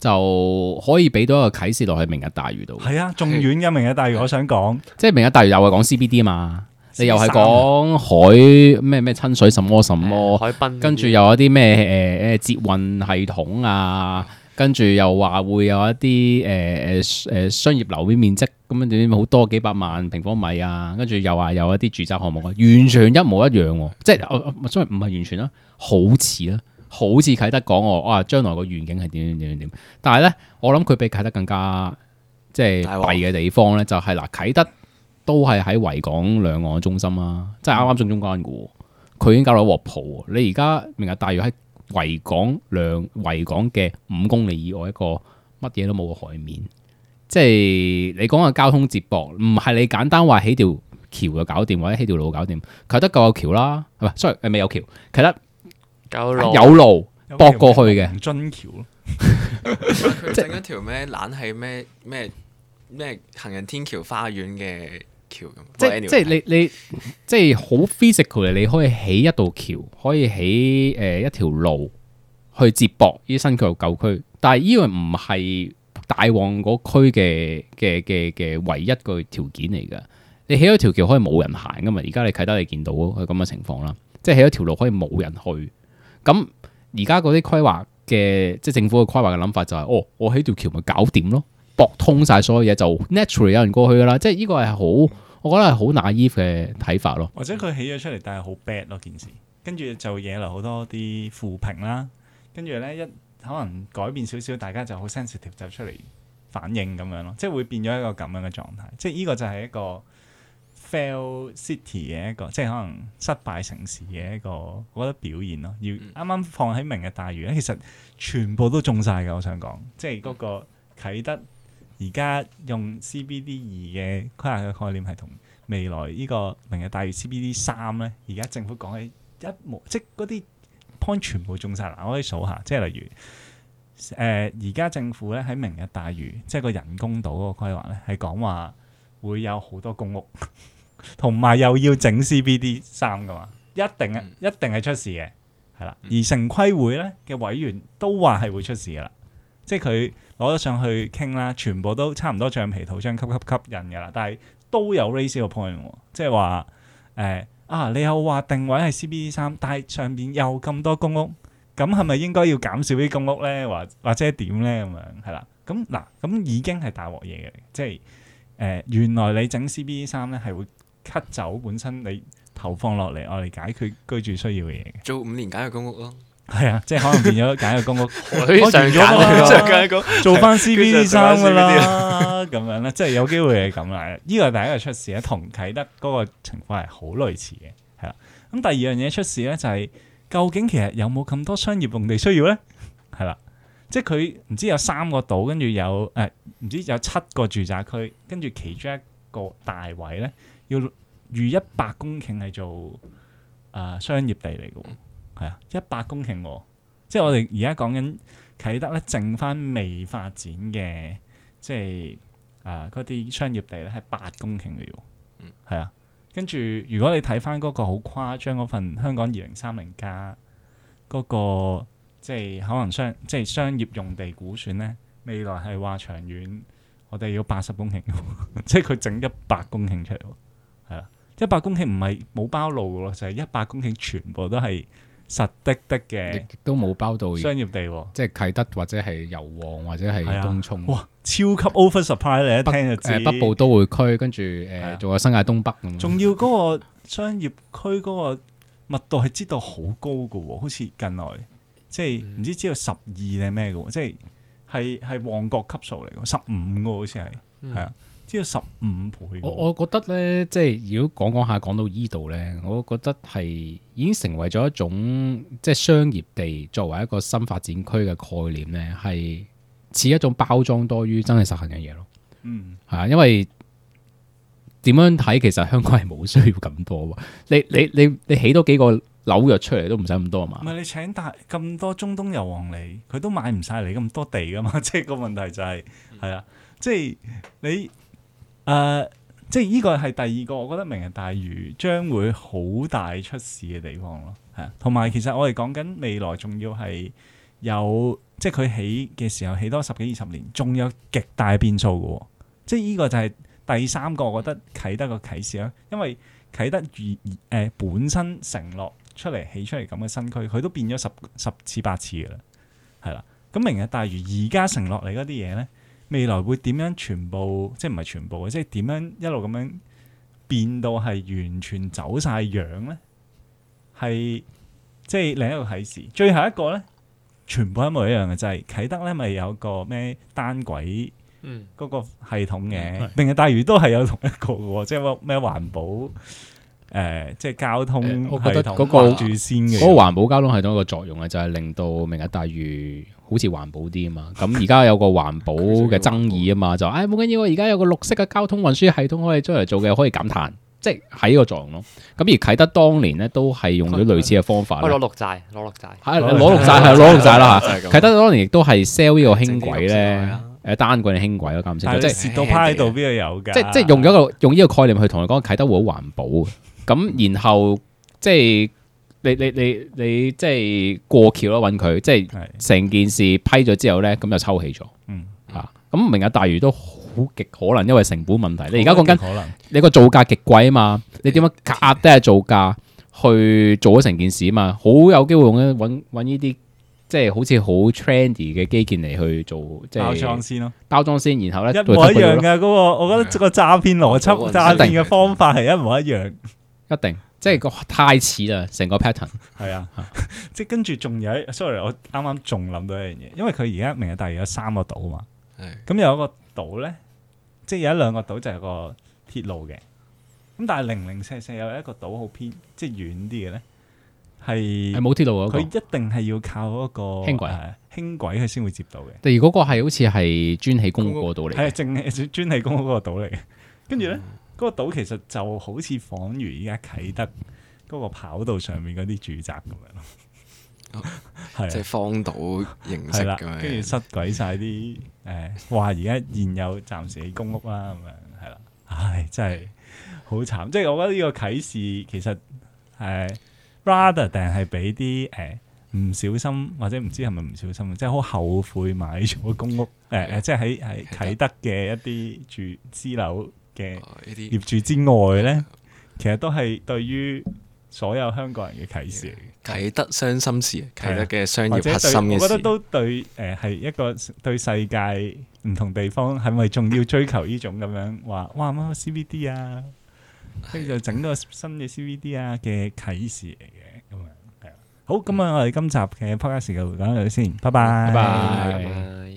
就可以俾到一個啟示落去明日大嶼度，係啊，仲遠嘅明日大嶼，我想講，即係明日大嶼又係講 CBD 啊嘛，你又係講海咩咩親水什麼什麼、嗯、海濱，跟住又有一啲咩誒誒捷運系統啊。跟住又話會有一啲誒誒誒商業樓面面積咁樣點點好多幾百萬平方米啊！跟住又話有一啲住宅項目，完全一模一樣，即係所以唔係完全啦，好似啊，好似啟德講我啊，將來個願景係點點點點。但係咧，我諗佢比啟德更加即係弊嘅地方咧，就是，就係嗱，啟德都係喺維港兩岸中心啦，即係啱啱正中間嘅喎。佢已經搞到一鑊泡，你而家明日大嶼喺維港兩維港嘅五公里以外一個乜嘢都冇嘅海面，即係你講嘅交通接駁，唔係你簡單話起條橋就搞掂，或者起條路搞掂，佢得夠有橋啦，係咪？Sorry 誒未有橋，其實、啊、有路，有路條駁過去嘅樽橋咯。整 一條咩懶係咩咩咩行人天橋花園嘅。即即係你即你即係好 physical 嘅， 你可以起一道橋，可以起誒一條路去接駁呢新區同舊區。但係呢樣唔係大旺嗰區嘅嘅嘅嘅唯一個條件嚟噶。你起咗條橋可以冇人行噶嘛？而家你啟德你見到佢咁嘅情況啦，即係起咗條路可以冇人去。咁而家嗰啲規劃嘅即係政府嘅規劃嘅諗法就係、是，哦，我起條橋咪搞掂咯。博通晒所有嘢就 naturally 有人過去噶啦，即係呢個係好，我覺得係好 naive 嘅睇法咯。或者佢起咗出嚟，但係好 bad 咯件事，跟住就惹嚟好多啲負評啦。跟住咧一可能改變少少，大家就好 sensitive 就出嚟反應咁樣咯，即係會變咗一個咁樣嘅狀態。即係呢個就係一個 fail city 嘅一個，即係可能失敗城市嘅一個，我覺得表現咯。要啱啱放喺明日大嶼咧，其實全部都中晒嘅。我想講，即係嗰個啟德。而家用 CBD 二嘅規劃嘅概念係同未來呢個明日大嶼 CBD 三咧，而家政府講起一模，即係嗰啲 point 全部中晒嗱，我可以數下，即係例如誒，呃、而家政府咧喺明日大嶼，即係個人工島嗰個規劃咧，係講話會有好多公屋，同 埋又要整 CBD 三噶嘛，一定一定係出事嘅，係啦，而城規會咧嘅委員都話係會出事噶啦。即係佢攞咗上去傾啦，全部都差唔多橡皮圖章吸吸吸引嘅啦，但係都有 raise 個 point、哦、即係話誒啊，你又話定位係 CBD 三，但係上邊又咁多公屋，咁係咪應該要減少啲公屋咧？或者或者點咧？咁樣係啦，咁、嗯、嗱，咁已經係大鑊嘢嘅，即係誒、呃、原來你整 CBD 三咧係會 cut 走本身你投放落嚟我哋解決居住需要嘅嘢，做五年間嘅公屋咯。係啊，即係可能變咗揀一個公屋，我做翻 C B D 三噶啦，咁 樣，樣啦，即係有機會係咁啦。呢個係第一個出事咧，同啟德嗰個情況係好類似嘅，係啦。咁第二樣嘢出事咧、就是，就係究竟其實有冇咁多商業用地需要咧？係啦，即係佢唔知有三個島，跟住有誒，唔、哎、知有七個住宅區，跟住其中一個大位咧，要預一百公頃係做誒、啊、商業地嚟嘅。係啊，一百公頃喎，即係我哋而家講緊啟德咧，剩翻未發展嘅，即係啊嗰啲商業地咧，係八公頃嘅喎。係啊、嗯，跟住如果你睇翻嗰個好誇張嗰份香港二零三零加嗰個，即係可能商即係商業用地估算咧，未來係話長遠我哋要八十公頃呵呵，即係佢整一百公頃出嚟喎。係啊，一百公頃唔係冇包路嘅喎，就係一百公頃全部都係。實的的嘅，亦都冇包到商業地喎、啊，即係啟德或者係油旺或者係東涌。哇，超級 over supply 你一聽就知北。北部都會區跟住誒仲有新界東北咁。仲要嗰個商業區嗰個密度係知道好高嘅喎，好似近來即係唔知知道十二定咩嘅喎，即係係係旺角級數嚟嘅，十五個好似係係啊。嗯即係十五倍。我我覺得咧，即係如果講講下講到呢度咧，我覺得係已經成為咗一種即係商業地作為一個新發展區嘅概念咧，係似一種包裝多於真係實行嘅嘢咯。嗯，係啊，因為點樣睇，其實香港係冇需要咁多。你你你你，你起多幾個紐約出嚟都唔使咁多啊嘛。唔係、嗯、你請咁多中東油王嚟，佢都買唔晒你咁多地噶嘛。即係個問題就係、是、係、嗯、啊，即係你。你誒，uh，即係呢個係第二個，我覺得明日大嶼將會好大出事嘅地方咯，係啊。同埋其實我哋講緊未來，仲要係有，即係佢起嘅時候起多十幾二十年，仲有極大變數嘅喎。即係呢個就係第三個，我覺得啟德個啟示啦。因為啟德而誒、呃、本身承諾出嚟起出嚟咁嘅新區，佢都變咗十十次八次嘅啦，係啦。咁明日大嶼而家承諾嚟嗰啲嘢咧？未來會點樣全部？即係唔係全部嘅，即係點樣一路咁樣變到係完全走晒樣咧？係即係另一個啟示。最後一個咧，全部一模一樣嘅就係、是、啟德咧，咪有個咩單軌嗰個系統嘅，嗯、明日大嶼都係有同一個嘅，即係咩環保誒、呃，即係交通系統嗰，呃嗰個最先嘅。嗰個環保交通系統一個作用嘅就係令到明日大嶼。好似環保啲啊嘛，咁而家有個環保嘅爭議啊嘛，就誒冇緊要，而家有個綠色嘅交通運輸系統可以出嚟做嘅，可以減碳，即係喺呢個作用咯。咁而啟德當年咧都係用咗類似嘅方法，攞綠債，攞綠債，係攞綠債，係攞綠債啦嚇。啟德當年亦都係 sell 呢個輕軌咧，誒單軌定輕軌咯，搞唔清楚，即係到多派度邊度有嘅，即即係用咗一個用呢個概念去同你講啟德會好環保嘅，咁然後即係。你你你你即係過橋咯，揾佢即係成件事批咗之後咧，咁就抽起咗。嗯，啊，咁明日大嶼都好極可能，因為成本問題。你而家講緊你個造價極貴啊嘛，你點樣壓低下造價去做咗成件事啊嘛，有機好有機會用咧揾揾呢啲即係好似好 trendy 嘅基建嚟去做，即係包裝先咯、啊，包裝先，然後咧一模一樣嘅嗰、嗯、對個，我覺得個詐騙邏輯、詐騙嘅方法係一模一樣，一定一一。 即係個太似啦，成個 pattern。係啊，即係跟住仲有，sorry，我啱啱仲諗到一樣嘢，因為佢而家明日大嶼有三個島嘛。咁的有一個島咧，即係有一兩個島就係個鐵路嘅。咁但係零零散散有一個島好偏，即係遠啲嘅咧，係係冇鐵路嘅、那個。佢一定係要靠嗰、那個輕軌，輕軌佢先會接到嘅。第二嗰個係好似係專起公路過島嚟，嘅、那個，係正係專起公路嗰個島嚟嘅。跟住咧。 嗰個島其實就好似仿如依家啟德嗰個跑道上面嗰啲住宅咁樣咯，係即係荒島形式咁跟住失鬼晒啲誒嘩，而、哎、家現，現有暫時喺公屋啦咁樣，係啦，唉、哎、真係好慘！的即係我覺得呢個啟示其實係 rather 定係俾啲誒唔小心或者唔知係咪唔小心，即係好後悔買咗公屋誒誒，即係喺喺啟德嘅一啲住私樓。的嘅呢啲業主之外咧，其實都係對於所有香港人嘅啟示，啟德傷心事，啟德嘅商心或者我覺得都對誒，係一個對世界唔同地方係咪仲要追求呢種咁樣話哇乜乜 CBD 啊，跟住就整個新嘅 CBD 啊嘅啟示嚟嘅咁啊，係啦，好咁啊，我哋今集嘅 Podcast 時間講到先，拜拜，拜拜。